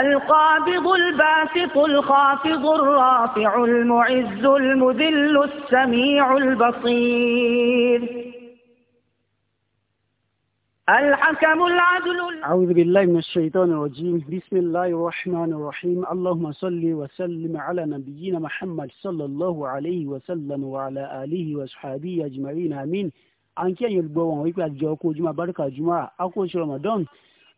القابض الباسط الخافض الرافع المعز المذل السميع البصير الحكم العدل أعوذ بالله من الشيطان الرجيم بسم الله الرحمن الرحيم اللهم صل وسلم على نبينا محمد صلى الله عليه وسلم وعلى آله وصحبه أجمعين آمين أنكي ẹ̀yìn olùgbọ́ wọn جمع بركة ọkọ̀ ojúmọ́ abárúkà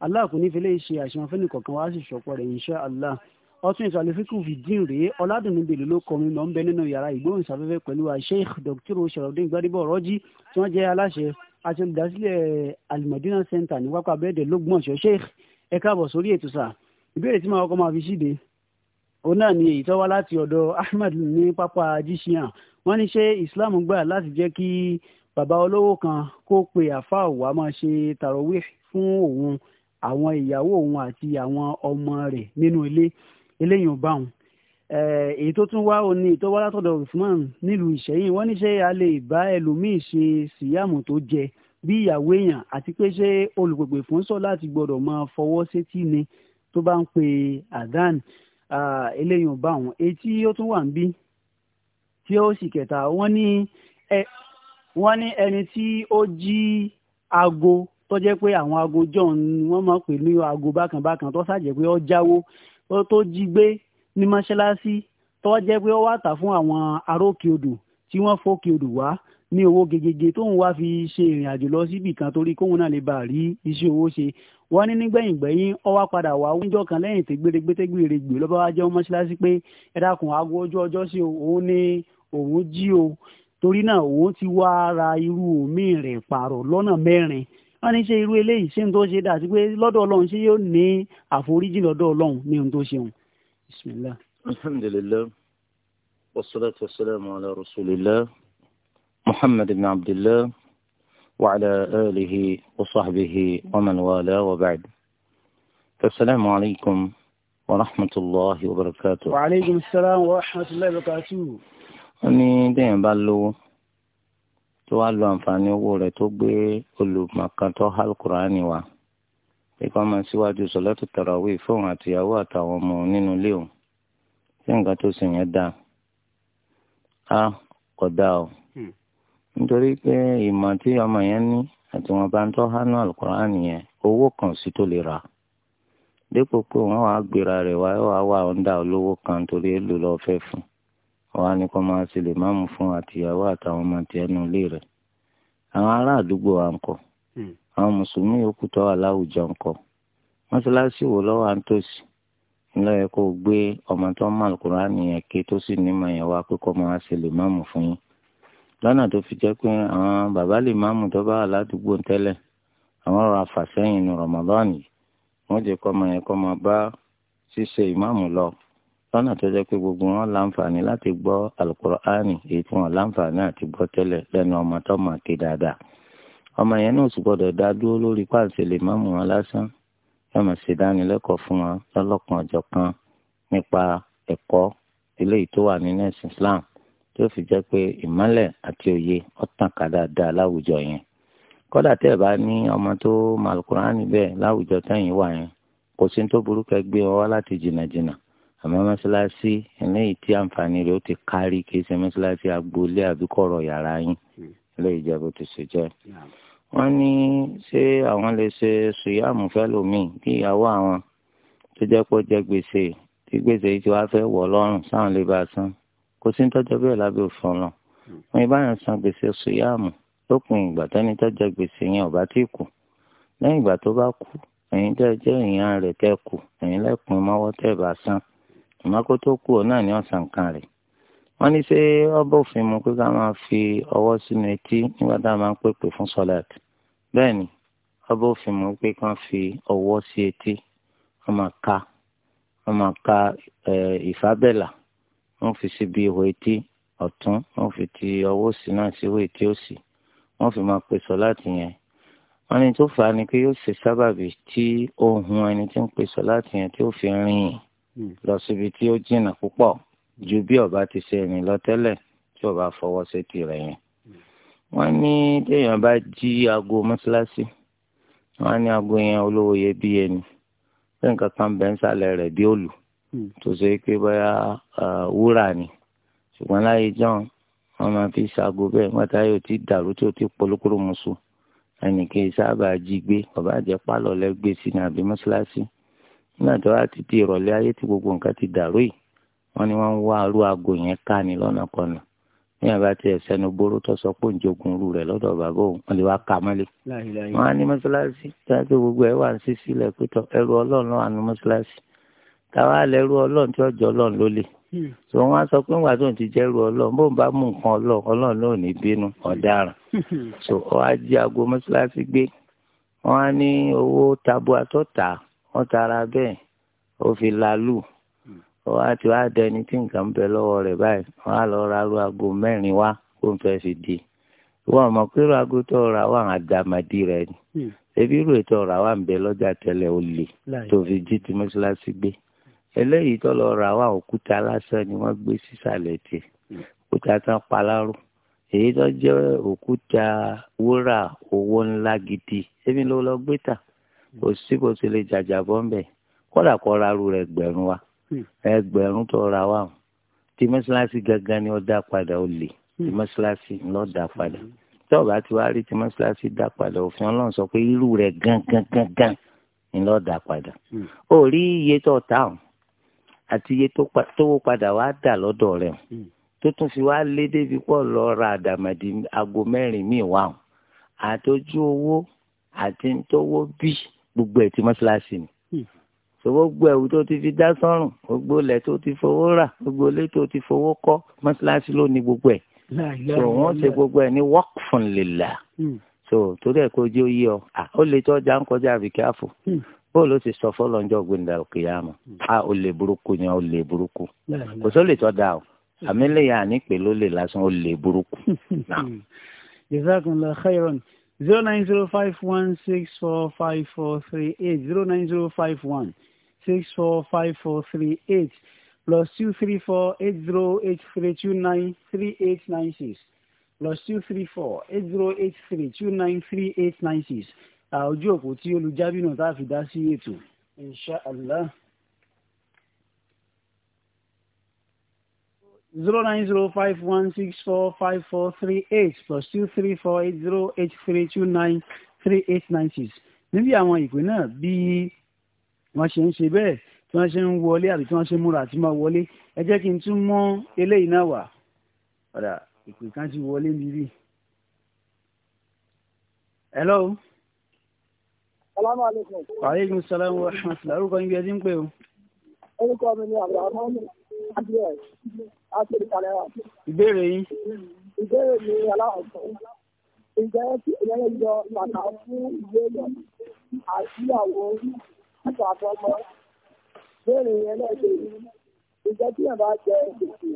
allah kò ní fi lè ṣe àṣìwọ̀n fẹ́ni kọ̀ọ̀kan wá sì ṣọ̀pọ̀ rẹ̀ insha allah ọtún ìsàlẹ̀fíkù fìdín rèé ọ̀làdùnúbẹ̀ ló kọ́ mi bẹ nínú yàrá ìgbóhùnsáfẹ́fẹ́ pẹ̀lú sheikh dr sharafdin gbadebo ọ̀rọ́jì tí wọ́n jẹ́ aláṣẹ àti olùdásílẹ̀ alimadina center ní wákò abẹ́ẹ̀dẹ̀ lọ́gbọ̀nsọ̀ sheikh ẹ káàbọ̀ sórí ètò sà ìbéèrè tí màá kọ́ máa fi ṣíde òun náà ni èyí tó wá láti ọ̀dọ̀ ahmed ní pápá jíṣìyàn wọ́n ní ṣé islam gbà láti jẹ́ kí bàbá olówó kan kó pe àfáà wá máa ṣe tàrọ̀wé fún òun àwọn ìyàwó òun àti àwọn ọmọ rẹ̀ nínú ilé eléyìí ò bá òun èyí tó tún wá òní tó wá látọ̀dọ̀ Usman nílùú Ìṣẹ̀yìn wọ́n ní ṣé a lè bá ẹlòmíì ṣe síyàmù tó jẹ bí ìyàwó èèyàn àti pé ṣé olùpèpè fún sọ láti gbọ́dọ̀ máa fọwọ́ sétí ni tó bá ń pe adan eléyìí ò bá òun èyí tí ó tún wà ń bí tí ó sì kẹta wọ́n ní ẹni tí ó jí aago tó jẹ́ pé àwọn aago john ni wọ́n máa pè ní aago bákan bákan tó ṣàjẹ́ pé ó jáwó tó jí gbé ní mọ́ṣáláṣí tó jẹ́ pé ó wá tà fún àwọn aróòkè odò tí wọ́n fòkè odò wá ní owó gegege tóun wá fi ṣe ìrìn àjò lọ síbì kan torí kóun náà lè bá rí iṣẹ́ owó ṣe wọ́n ní nígbẹ̀yìn gbẹ̀yìn ó wá padà wá wíjọ́ kan lẹ́yìn tí gbèrègbètègbèrè gbè lọ́ba wá jẹ́ mọ́ṣáláṣí pé ẹ dákun aago ojú ọjọ́ sí òun ní òun jí o torí náà òun ti wá ara irú omi rẹ̀ pààrọ̀ lọ́nà mẹ́rin wọ́n ní ṣe irú eléyìí ṣé n tó ṣe dàtí pé lọ́dọ̀ ọlọ́run ṣé yóò ní àforíjì lọ́dọ̀ ọlọ́run ní ohun tó ṣeun. bisimilah. alhamdulilayi wasalaatu wasalaamu ala rasulillah muhammad ibn abdillah wa ala alihi wa sahbihi wa man wala wa ba'd. asalaamu alaykum wa rahmatulahi wa barakatuh. wa aleykum salaam wa rahmatulahi wa barakatuh. wọ́n ní dẹ́yìn bá lówó. tó wá lọ àǹfààní owó rẹ̀ tó gbé olùmọ̀kàntọ́ alukurani wa ikọ̀ máa síwájú sọ̀látù tàràwí fóun àtìyàwó àtàwọn ọmọ nínú ilé òun tí nǹkan tó sì yẹn o hmm. nítorí pé ìmọ̀ tí ọmọ yẹn ní àti wọn bá kan sí tó lè rà dípò pé wọn wàá gbéra wá wàá wà olówó kan torí èlò wọn á ní kó máa ṣe lè máàmù fún àtìyàwó àtàwọn ọmọ tiẹ̀ nù ilé rẹ̀ àwọn ará àdúgbò wa ń kọ́ hmm. àwọn mùsùlùmí yòókù tó wà láwùjọ ń kọ́ mọ́ṣáláṣí wo lọ́wọ́ à ń tòsí ńlọ yẹ kó gbé ọmọ tó ń mọ alukurani yẹn ké tó sì nímọ̀ yẹn wá pé kó máa ṣe lè máàmù fún yín lọ́nà tó fi jẹ́ pé àwọn bàbá lè máàmù tó bá wà ládùúgbò tẹ́lẹ̀ àwọn ọ̀rọ̀ àfàsẹ́yìn ní rọ̀mọ́dọ́ọ̀nì wọ́n jẹ́ kó máa yẹ kó máa bá ṣíṣe ìmáàmù lọ lọ́nà tó jẹ́ pé gbogbo wọn láǹfààní láti gbọ́ alukur'ani èyí tí wọn láǹfààní àti gbọ́ tẹ́lẹ̀ lẹ́nu ọmọ tó mọ̀ ké dáadáa ọmọ yẹn náà sì gbọ́dọ̀ dá dúró lórí páàsì lè má mú wọn lásán yóò máa ṣe fún wọn lọ́lọ́kan ọjọ́ kan nípa ẹ̀kọ́ eléyìí tó wà nínú ẹ̀sìn Islam tí ó fi jẹ́ pé ìmọ́lẹ̀ àti òye ó tàn ká dáadáa láwùjọ yẹn kódà tẹ́ ẹ̀ bá ní ọmọ tó mọ alukur'ani bẹ́ẹ̀ láwùjọ àmọ́ mọ́ṣáláṣí eléyìí tí àǹfààní rẹ̀ ó ti kárí kí ṣe mọ́ṣáláṣí agboolé àbíkọ̀rọ̀ yàrá yín hmm. eléyìí jẹ́ bó ti ṣe jẹ́. wọ́n ní ṣé àwọn lè ṣe sùyàmù fẹ́lòmíì kí ìyàwó àwọn tó jẹ́ pé jẹ́ gbèsè tí gbèsè yìí ti wá fẹ́ wọ̀ lọ́rùn sáwọn lè bá a san kò sí tọ́jọ́ bẹ́ẹ̀ lábẹ́ òfin ọ̀nà wọn ìbáyọ̀ san gbèsè sùyàmù lópin ìgbà tẹ́ni tọ́jọ́ gbèsè yẹn ọ̀bá tí kù lẹ́yìn ìgbà tó bá kú ẹ̀yin tẹ́ jẹ́ ìyá rẹ̀ kẹ́ kù ẹ̀yin lẹ́kùn mọ́wọ́ tẹ́ bá san ìmọ́kó tó kú ọ náà ní ọ̀sán kan rẹ̀ wọ́n ní ṣé ọba òfin mu pé ká máa fi ọwọ́ sínú etí nígbà tá a máa ń pèpè fún sọ́láàt bẹ́ẹ̀ ni ọba òfin mu pé ká fi ọwọ́ sí etí wọ́n máa ka wọ́n máa ka ìfábẹ́là wọ́n fi síbi ihò etí ọ̀tún wọ́n fi ti ọwọ́ sí náà sí ihò etí òsì wọ́n fi máa pè sọ́láàt yẹn wọ́n ní tó fà á ni pé yóò ṣe sábàbí tí ohun ẹni tí ń pè sọ́láàt yẹn tí ó fi rìn yìí Hmm. lọ síbi tí ó jìnnà púpọ̀ ju bí ọba ti ṣe rìn lọ tẹ́lẹ̀ tí ọba fọwọ́ sí tirẹ̀ yẹn. Hmm. wọ́n ní téèyàn bá jí aago mọ́ṣáláṣí wọ́n á ní aago yẹn olówó iyebíye ni pé nǹkan kan bẹ́ẹ̀ ń sàlẹ̀ rẹ̀ bí òòlù hmm. tó ṣe pé bóyá wúrà ni ṣùgbọ́n láyé john wọ́n máa fi ṣaago bẹ́ẹ̀ wọ́n táyà ò tí dàrú tí ò tí polókúrò mùsùn ẹnì kejì sábà jí gbé ọba àjẹpálọ̀ lẹ́gbẹ̀ẹ́ sí ní àbí mọ́ṣáláṣí nígbà tó wá ti di ìrọ̀lẹ́ ayé tí gbogbo nǹkan ti dàrú yìí wọ́n ní wọ́n ń wá arú aago yẹn ká ní lọ́nà kọ̀nà ní àbá tí ẹ̀ sẹ́nu bóró tó sọ pé òǹjogun rú rẹ̀ lọ́dọ̀ bàbá òun wọ́n lè wá kà mọ́lẹ̀. wọ́n á ní mọ́ṣáláṣí táwọn gbogbo ẹ̀ wà ń sí sílẹ̀ pẹ̀tọ́ ẹrù ọlọ́run náà ní mọ́ṣáláṣí táwa lẹ́rù ọlọ́run tí ọjọ́ ọlọ́run ló lè. Hmm. sọ wọn sọ pé ńgbà tó ń ti jẹ́rù ọlọ́run bóun bá mú nǹkan ọlọ́run ọlọ́run náà ní bínú ọ̀daràn. sọ ọ á aago mọ́ṣáláṣí gbé wọ́n á ní owó tabua tó tà wọ́n tara bẹ́ẹ̀ ó fi lálù hmm. wọ́n á ti wá dẹni tí nǹkan ń bẹ lọ́wọ́ rẹ̀ báyìí wọ́n á lọ ra ru aago mẹ́rin wá kó n fẹ́ fi di wọ́n mọ̀ pé ru aago tó ra wà á dàmàdì rẹ̀ ni hmm. ebi ru ètò ọ̀rọ̀ wà ń bẹ lọ́jà tẹ́lẹ̀ lè tó fi jí ti mọ́ṣáláṣí gbé eléyìí tó lọ ra wà òkúta lásán ni wọ́n gbé sísàlẹ̀ tiẹ̀ hmm. òkúta tán paláró èyí tó jẹ́ òkúta wúrà owó ńlá gidi èmi ló lọ gbé tà kò sí bó ti lè jàjà bọ́ ń bẹ̀ kódà kó ra aró rẹ̀ ẹgbẹ̀rún wa hmm. ẹgbẹ̀rún tó ra wa tí mọ́ṣáláṣí gangan ni ó dá padà ó lè tí hmm. mọ́ṣáláṣí lọ́ọ́ dá padà hmm. tí ọba ti wá rí tí mọ́ṣáláṣí dá padà òfin ọlọ́run sọ pé irú rẹ̀ gangan gangan ni lọ́ọ́ dá padà ó rí iye tó ta ọ̀ àti iye tó padà wá dà lọ́dọ̀ rẹ̀ tó tún fi wá lé débi pọ̀ lọ ra àdàmàdì aago mẹ́rin míì wà àtọ́jú owó àti ntọ́wọ́ bíi gbogbo ẹ̀ ti mọ́ṣáláṣí ni hmm. gbogbo ẹ̀wù tó ti fi dá sọ́rùn gbogbo ilẹ̀ tó ti fowó rà gbogbo ilé tó ti fowó kọ́ mọ́ṣáláṣí ló ní gbogbo ẹ̀ so wọ́n ṣe gbogbo ẹ̀ ní waqfun lillah hmm. so torí ẹ̀ kó jẹ́ oyé ọ ó lè tọ́ ọjà ń kọjá àbí káfù hmm. bóòlù ó ti sọ fọlọ́njọ́ gbẹ̀ndà kìyàmù a ò lè burúkú ni ó lè burúkú kò só lè tọ́ da o àmì lè yà á ní pè ló lè lásán ó lè burúkú. jazakumullahu khairan zero nine zero five one six four five four three eight zero nine zero five one six four five four three eight plus two three four eight zero eight three two nine three eight nine six plus two three four eight zero eight three two nine three eight nine six ojú òpó tí olùjábí náà tá a fi dá sí ètò insha allah. zero nine zero five one six four five four three eight plus two three four eight zero eight three two nine three eight nine six níbi àwọn ìpè náà bí wọ́n ṣe ń ṣe bẹ́ẹ̀ tí wọ́n ṣe ń wọlé àti tí wọ́n ṣe ń múra àti máa wọlé ẹ jẹ́ kí n tún mọ́ eléyìí náà wà padà ìpè kan ti wọlé níbí. hello. salaamaleykum. waaleykum salaam wa rahmatulah orúkọ yín bí ẹ ti ń pè o. orúkọ mi ni abdulhamid ìbéèrè yín. ìbéèrè mi aláwọ̀sán ǹjẹ́ tí ìyẹn yọ bàtà fún ìwé yọ àti àwọn àti àtọmọ béèrè yẹn náà ṣe ǹjẹ́ tí ìyẹn bá jẹ gbèsè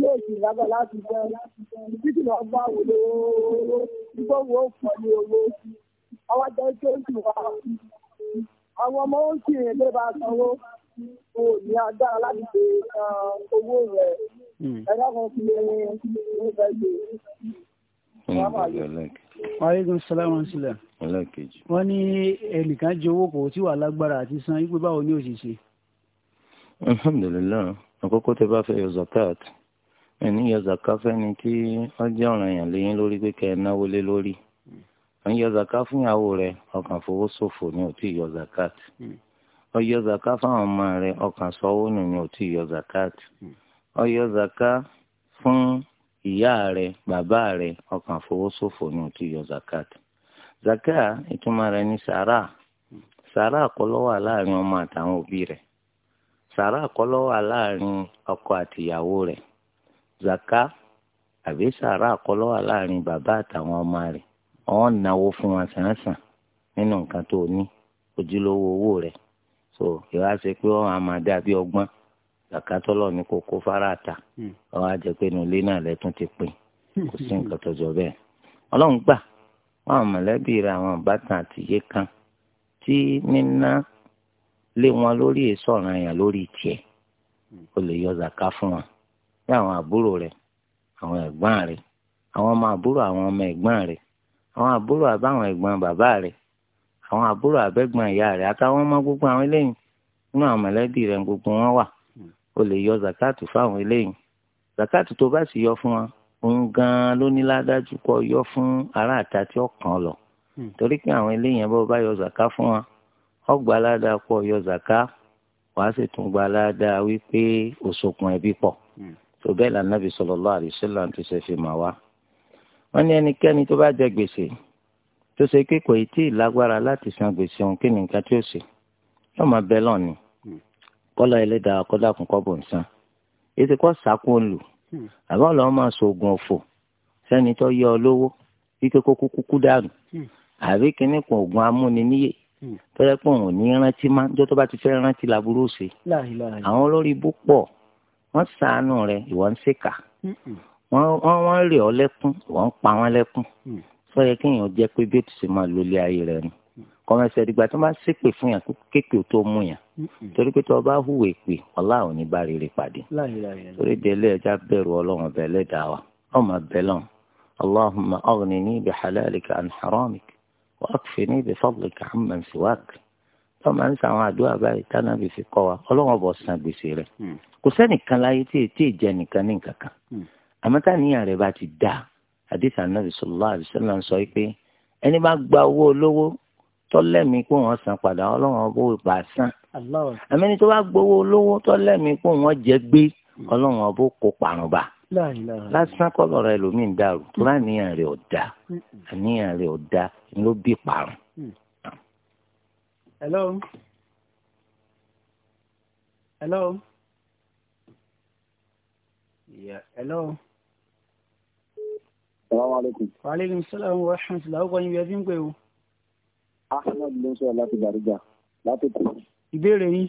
yóò sì lábẹ́ láti jẹ títí lọ bá wò ló gbọ́ wo pọ̀ ní owó ọwọ́ jẹ́ tó ń tù wá àwọn ọmọ ó sì lè bá sanwó o ní agbára láti ṣe owó rẹ̀ hmm. ẹ̀dá kan fi ní fẹ́ ṣe. Aleykum salaam wa rahmatulah. Wọ́n ní ẹnìkan jẹ owó kò tí wà lágbára àti san ipò báwo ni òṣìṣẹ́. Alhamdulilayi, àkókò tẹ bá fẹ́ yọ zakat, ẹni yọ zakat fẹ́ni tí wọ́n jẹ́ ọ̀ràn yàn léyìn lórí pé kẹ́ ẹ náwó lé lórí. Ẹni yọ zakat fún ìyàwó rẹ̀, ọkàn fowó ṣòfò ni ò tí ì yọ zakat. Mm. ọyọ zaka fáwọn ọmọ rẹ ọkàn sọwọ nù ò tí yọ ọyọ hmm. zaka fún ìyá rẹ bàbá rẹ ọkàn fowó ni ò yọ zaka ìtumọ̀ rẹ̀ ní sàrà hmm. sàrà wà láàrin ọmọ àtàwọn òbí rẹ sàrà ọkọ àtìyàwó zaka àbí sàrà wà bàbá àtàwọn ọmọ rẹ náwó fún sàn-án sàn nínú nǹkan tó ní ojúlówó owó so ìwà ṣe pé wọn àmà dàbí ọgbọ́n zakatọlọ ní kókó fáráàtà hmm. ọwọ àjẹ pé inú ilé náà lẹtún ti pín hmm. kò sí nǹkan tọjọ bẹ́ẹ̀ Ọlọ́run gbà wọn àwọn mọ̀lẹ́bí rẹ àwọn àbátan àti iye kan tí níná lé wọn lórí èso ọ̀ràn yẹn lórí tiẹ̀ o hmm. lè yọ zaka fún wọn ní àwọn àbúrò rẹ àwọn ẹ̀gbọ́n rẹ àwọn ọmọ àbúrò àwọn ọmọ ẹ̀gbọ́n rẹ àwọn àbúrò àbáwọn ẹ̀gbọ́n bàbá rẹ àwọn àbúrò àbẹ́gbọ̀n ìyá rẹ̀ àtàwọn ọmọ gbogbo àwọn eléyìí nínú àwọn mọ̀lẹ́bí rẹ̀ gbogbo wọn wà o lè yọ zakat fáwọn eléyìí zakat tó bá sì yọ fún wọn òun gan-an ló ní ládájú kó yọ fún aráàta tí ó kàn lọ hmm. torí pé àwọn eléyìí yẹn bó bá yọ zakat fún wọn ọgbà aládà kó yọ zakat wàá sì tún gba aládà wípé òṣòkùn ẹbí pọ̀ tó hmm. bẹ́ẹ̀ lànà bí sallallahu alaihi wasallam ti ṣe fi mà wá. wọ́n ní ẹnikẹ́ni tó bá jẹ gbèsè tó ṣe pé kò tí ì lágbára láti san gbèsè òun kí ni nǹkan tí ó ṣe yóò máa bẹ lọ́ọ̀ni hmm. kọ́lá ẹlẹ́dàá kọ́dà kún kọ́bọ̀ ń san ètò kọ́ sàkún olù àbá ọ̀la wọn máa ṣoògùn ọ̀fọ̀ sẹ́ni tó yẹ ọ lówó wípé kó kúkú kú dànù hmm. àbí kíní kan oògùn amúniníyè hmm. tó yẹ pé òun ò ní rántí má jọ́ tó bá ti fẹ́ rántí laburú ṣe àwọn olórí ibú pọ̀ wọ́n sàánú rẹ̀ ìwọ́n ń ṣèkà wọ́n rè ọ lẹ́kún ìwọ́n ń pa wọ́n lẹ́kún ó yẹ kéèyàn jẹ́ pé bí ó ti ṣe máa lo ilé ayé rẹ̀ nù kọ́mẹ́sẹ̀ ìdìgbà tó máa ṣépè fún yàn kéèké tó mú yàn torí pé tó o bá hùwà èpè ọ̀la ò ní bá rere pàdé torí délé ẹja bẹ̀rù ọlọ́run ọbẹ̀ ẹlẹ́dàá wa ọmọ bẹ́lọ̀n allahumma aghnini bi halalika an haramik wa akfini bi fadlika amman siwak tó máa ń sa àwọn àdúrà báyìí tánà bí fi kọ́ wa ọlọ́run ọbọ̀ san gbèsè rẹ̀ mm. kò sẹ́nìkan àdìsá nàbì sallallahu alaihi wasallam sọ pé ẹni bá gba owó olówó tọ́lẹ́mí kó wọ́n san padà ọlọ́run ọbọ̀ ìbá san àmẹ́ni tó bá gbowó olówó tọ́lẹ́mí kó wọ́n jẹ gbé hmm. ọlọ́run ọbọ̀ kó parun bá lásán kọ́lọ̀ rẹ lómìn dàrú tó bá níyàn rẹ ọ̀dà hmm. àníyàn rẹ ọ̀dà ló bí parun. Hmm. hello hello yeah hello salaamaleykum. waaleykum salaam wa rahmatulah ọkọ yín bí ẹ fi ń pè o. ahmed ló ń sọ̀rọ̀ láti Bariga láti kù. ìbéèrè yín.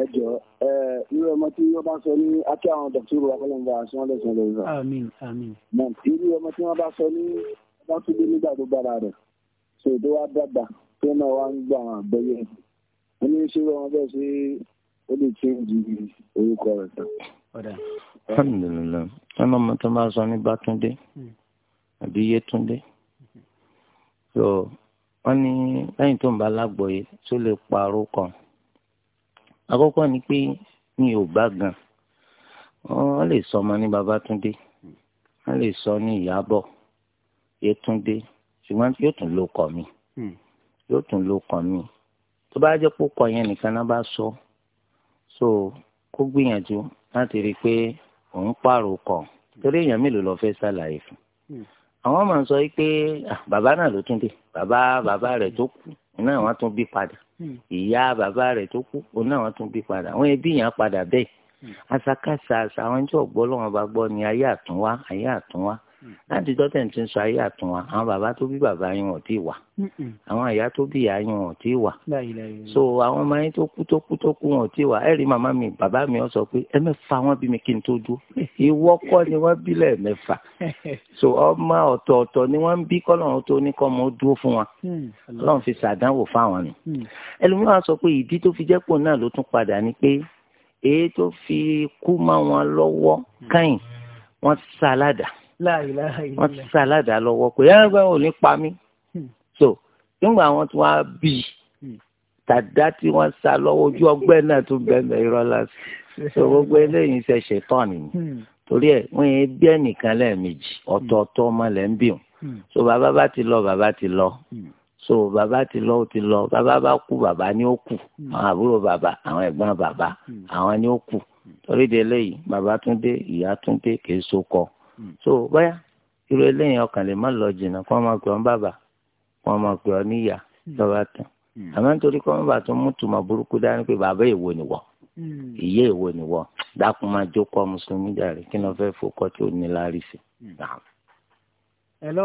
ẹ jọ ẹ irú ọmọ tí wọn bá sọ ní akí àwọn dọkítọrù akọlọmọba àti wọn lẹsùn lórí rà. àmín àmín. mọ irú ọmọ tí wọn bá sọ ní wọn tún dé nígbà tó gbára rẹ ṣe tó wá dàgbà tó náà wá ń gbà wọn àgbẹyẹ wọn ní ṣé wọn bẹ ṣe ó lè ṣe ìdí orúkọ rẹ tán ẹ má mọ tó máa sọ ní bátúndé hmm. àbí yétúndé so wọn ní lẹ́yìn tó ń bá lágbóye tó lè parọ́ kan àkọ́kọ́ ni pé ní yorùbá gan wọn lè sọ ọmọ ní babátúndé wọn lè sọ ní ìyábọ̀ yétúndé ṣùgbọ́n yóò tún ló kọ mi hmm. yóò tún ló kọ mi tó bá jẹ́ púpọ̀ yẹn nìkan náà bá sọ so kó gbìyànjú láti rí i pé òun pààrọ̀ kọ̀ hmm. torí èèyàn mélòó lọ fẹ́ ṣàlàyé fún hmm. àwọn máa ń sọ pé ah, bàbá náà ló tún dé bàbá bàbá rẹ̀ tó kú iná àwọn tún bí padà hmm. ìyá bàbá rẹ̀ tó kú òun náà tún bí padà àwọn ẹbí yẹn padà bẹ́ẹ̀ àṣàkáṣà àwọn ẹjọ́ ọ̀gbọ́ lọ́wọ́n bá gbọ́ ni ayé àtúnwá ayé àtúnwá láti dọ́tẹ̀ tí ń sọ ayé àtún wa àwọn bàbá tó bí bàbá yín wọn ti wà àwọn ìyá tó bí ìyá yín wọn ti wà so àwọn ọmọ yín tó kú tó kú tó kú wọn ti wà ẹ rí màmá mi bàbá mi ọ sọ pé ẹ mẹ́fà wọn bí mi kí n tó dúró ìwọ kọ́ ni wọ́n bí lẹ̀ mẹ́fà so ọmọ ọ̀tọ̀ọ̀tọ̀ ni wọ́n ń bí kọ́lọ́run tó ní kọ́ mọ́ dúró fún wa hmm, ọlọ́run fi ṣàdánwò fáwọn nù hmm. ẹlòmíràn sọ pé ìdí tó fi jẹ́pọ̀ náà ló tún padà wọn hmm. sá aládàá wọ́n ti sá aládàá lọ́wọ́ pé yàrá gbẹ ò ní pa mí hmm. so nígbà wọ́n tún wá bì í hmm. tàdá tí wọ́n sá lọ́wọ́ ojú ọgbẹ́ náà tún bẹ̀rẹ̀ irọ́ lásì so gbogbo eléyìí ṣe ṣetán ni hmm. torí ẹ̀ wọ́n yẹn bí ẹnìkan lẹ́ẹ̀mejì ọ̀tọ̀ọ̀tọ̀ ọmọ lẹ ń bì wọn so bàbá bá ti lọ bàbá ti lọ so bàbá ti lọ ó ti lọ bàbá bá kú bàbá ni ó kù àwọn àbúrò bàbá àwọn ẹ̀gbọ́n bàbá àwọn ni ó kù torí de eléyìí bàbá tún dé ìyá tún dé kì í so kọ Hmm. so báyà irú eléyìí ọkàn lè má lọ jìnnà kó máa pè ọ́ bàbà kó máa pè ọ́ níyà hmm. lọ́ba tán hmm. àmọ́ nítorí kó máa tó mú tùmọ̀ burúkú dání pé bàbá èwo ni wọ́ ìyá èwo ni wọ́ dákun máa jókòó mùsùlùmí dàrí kí ni wọ́n fẹ́ fọkọ́ tí ò ní láárí sí. hello.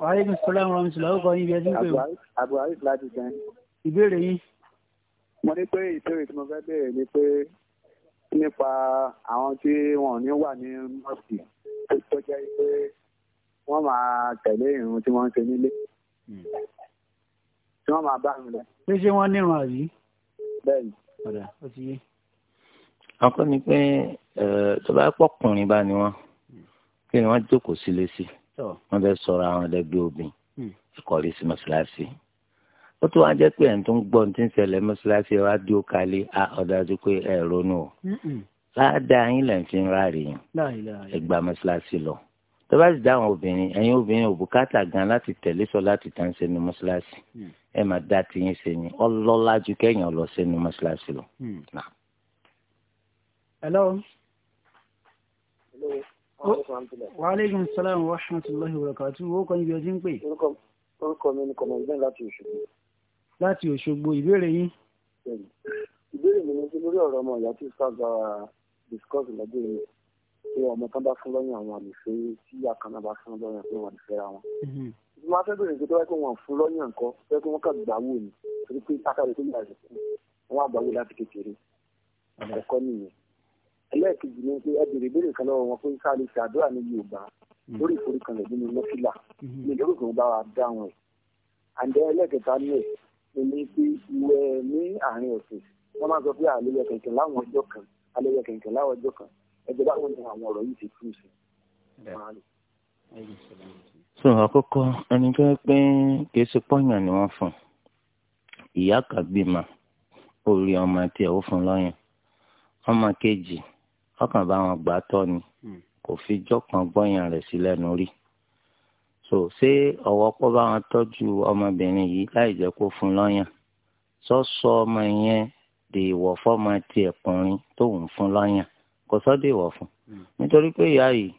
wàhálà ìṣọlá ń rọrùn sílẹ̀ ó kọ́ ibi ẹni pé o. àbúrò àríṣ láti gan. ìbéèrè yín. mo ní pé ìbéèrè tí mo fẹ́ béèrè ni pé nípa àwọn tí wọn ò ní wà ní mọ́ọ̀sì tó jẹ́ pé wọ́n máa tẹ̀lé ìrun tí wọ́n ń ṣe nílé hmm. tí wọ́n máa bá mi lọ. pé ṣé wọ́n nírun àbí. bẹ́ẹ̀ni. ọ̀dà ó ti yé. àkọ́ ni pé tó bá pọ̀kùnrin bá ni wọ́n kí ni wọ́n jókòó sílé sí wọ́n fẹ́ sọ̀rọ̀ àwọn ẹlẹgbẹ́ obìnrin ìkọ̀rí hmm. sí mọ́ṣáláṣí ó tún wá jẹ́ pé ẹ̀ ń tún gbọ́ ní ti ń ṣẹlẹ̀ mọ́ṣáláṣí ẹ̀ wá dé ó kalẹ̀ á ọ̀dájú pé ẹ̀ ronú o ládàá yín lẹ̀ ń fi ra rè yín ẹgbà mọ́ṣáláṣí lọ tó bá sì dá àwọn obìnrin ẹ̀yin obìnrin òbúkátà gan láti tẹ̀lé sọ láti tàn sínú mọ́ṣáláṣí mm. ẹ̀ máa dá tiyín ṣe yín ọlọ́lá ju kẹ́yìn ọ̀lọ́ sínú mọ́ṣáláṣí lọ. Mm. hello. wa aleykum salaam wa rahmatulahi wa barakatuh wo kàn yíyọ jí ń pè. orúkọ mi ni kọ̀mọ̀gbọ́n láti Òṣogbo láti Òṣogbo ìbéèrè yín. ìbéèrè mi ni pé lórí ọ̀rọ̀ ọmọ ìyá tí sábà discuss lọ́dún yìí pé ọmọ tán bá fún lọ́yàn àwọn àlùfẹ́ tí àkànnà bá fún lọ́yàn pé wọ́n fẹ́ra wọn. Mhm. mo máa fẹ́ bèrè pé tó bá pé wọ́n fún lọ́yàn nǹkan fẹ́ pé wọ́n kà gbà wò ní torí pé sákàlẹ̀ tó yà sùkú wọ́n á gbà wò láti kékeré àkọ́kọ́ nìyẹn. ẹlẹ́ẹ̀kejì ni pé ẹ bèrè ìbéèrè kan lọ́wọ́ wọn pé sáré ṣe àdúrà ní Yorùbá mhm. lórí ìforíkanlẹ̀ nínú mọ́fílà mhm. ní ìdókòwò bá wa dáhùn ẹ̀ àǹdẹ́ ẹlẹ́ẹ̀kẹta ní ẹ̀ èmi fi wẹ ní àárín ọ̀sẹ̀ wọ́n máa sọ pé àlẹ́yẹ kẹ̀kẹ́ láwọn ọjọ́ kan àlẹ́yẹ kẹ̀kẹ́ láwọn ọjọ́ kan ẹgbẹ́ báwo ni àwọn ọ̀rọ̀ yìí ti tú sí so àkọ́kọ́ ẹni tó pé kì í ṣe pọ́yàn ni wọ́n fún ìyá kàgbìmà orí ọmọ tí ẹ̀ ó fún lọ́yàn ọmọ kejì ọkàn bá wọn gbà tọ́ ni hmm. kò fi jọ́kan gbọ́yàn rẹ̀ sí lẹ́nu rí so ṣé ọ̀wọ́ pọ̀ bá wọn tọ́jú ọmọbìnrin yìí láì jẹ́ kó fún lọ́yàn sọ́sọ ọmọ yẹn dèèwọ̀ fọ́mọ tiẹ̀ kùnrin tó ń fún lọ́yàn kò sọ́ dèèwọ̀ fún hmm. nítorí pé ìyá yìí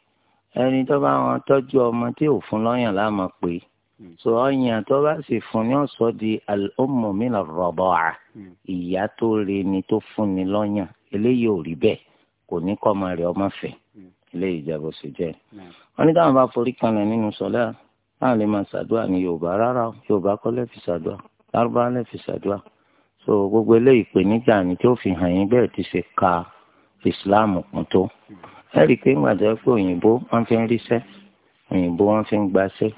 ẹni tó bá wọn tọ́jú ọmọ tí ò fún lọ́yàn láàmú pé hmm. so ọyàn tó bá sì fún ní ọ̀sọ́ di al-ummu min ar-radaa hmm. ìyá tó reni tó fún ni lọ́yàn eléyìí ò rí bẹ́ẹ̀ kò ní kọ́ ọmọ rẹ̀ ọmọ fẹ́ ilé ìjẹ́bù sì jẹ́. wọ́n ní táwọn bá forí kanlẹ̀ nínú sọ́lá táwọn lè máa ṣàdúrà ní yorùbá rárá yorùbá kọ́ lẹ́ẹ̀fì ṣàdúrà lárúbá lẹ́ẹ̀fì ṣàdúrà so gbogbo eléyìí pè níjà ni tí ó fi hàn yín bẹ́ẹ̀ ti ṣe ka islam kún tó. ẹ rí i pé ńgbà tó yẹ pé òyìnbó wọ́n fi ń ríṣẹ́ òyìnbó wọ́n fi ń gbaṣẹ́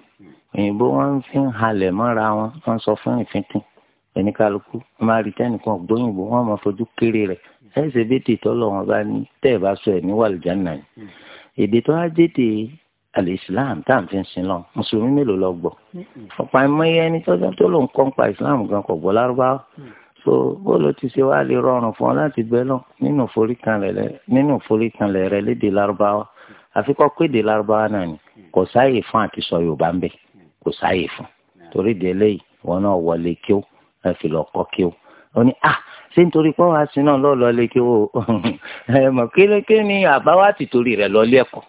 òyìnbó wọ́n fi ń halẹ̀ mọ́ra wọn wọ́n sọ fún ìfíntín ẹni kálukú máa rí tẹnìkan gbóyìnbó wọn máa fojú kéré rẹ ẹ ṣe bẹ́tẹ̀ tọ́lọ̀ wọn bá ní tẹ́ ẹ bá sọ ẹ̀ ní wàlùjánà ni hmm. èdè tó á dètè alìsílám tá à ń fi ń sin lọ mùsùlùmí mélòó lọ gbọ́ hmm. ọ̀pọ̀ àìmọye ẹni tọ́jú tó ló kọ́ ń pa ìsìlám gan kò gbọ́ lárúbáwá hmm. so bó ló ti ṣe wá lè rọrùn fún ọ láti bẹ lọ nínú ìforíkanlẹ̀ rẹ lédè lárúbáwá àfi kọ́ pé èdè lárúbáwá náà ni kò sáàyè fún àti sọ yorùbá ń bẹ kò sáàyè fún torí délé yìí wọn náà wọlé kí ẹ fi lọ kọ́ kí o ó ní ah ṣé nítorí pé wàá sin náà lọ́ọ́ lọ́ọ́lé kí o ẹ mọ̀ kéékè ní àbáwá ti torí rẹ̀ lọ́ọ́lé ẹ̀kọ́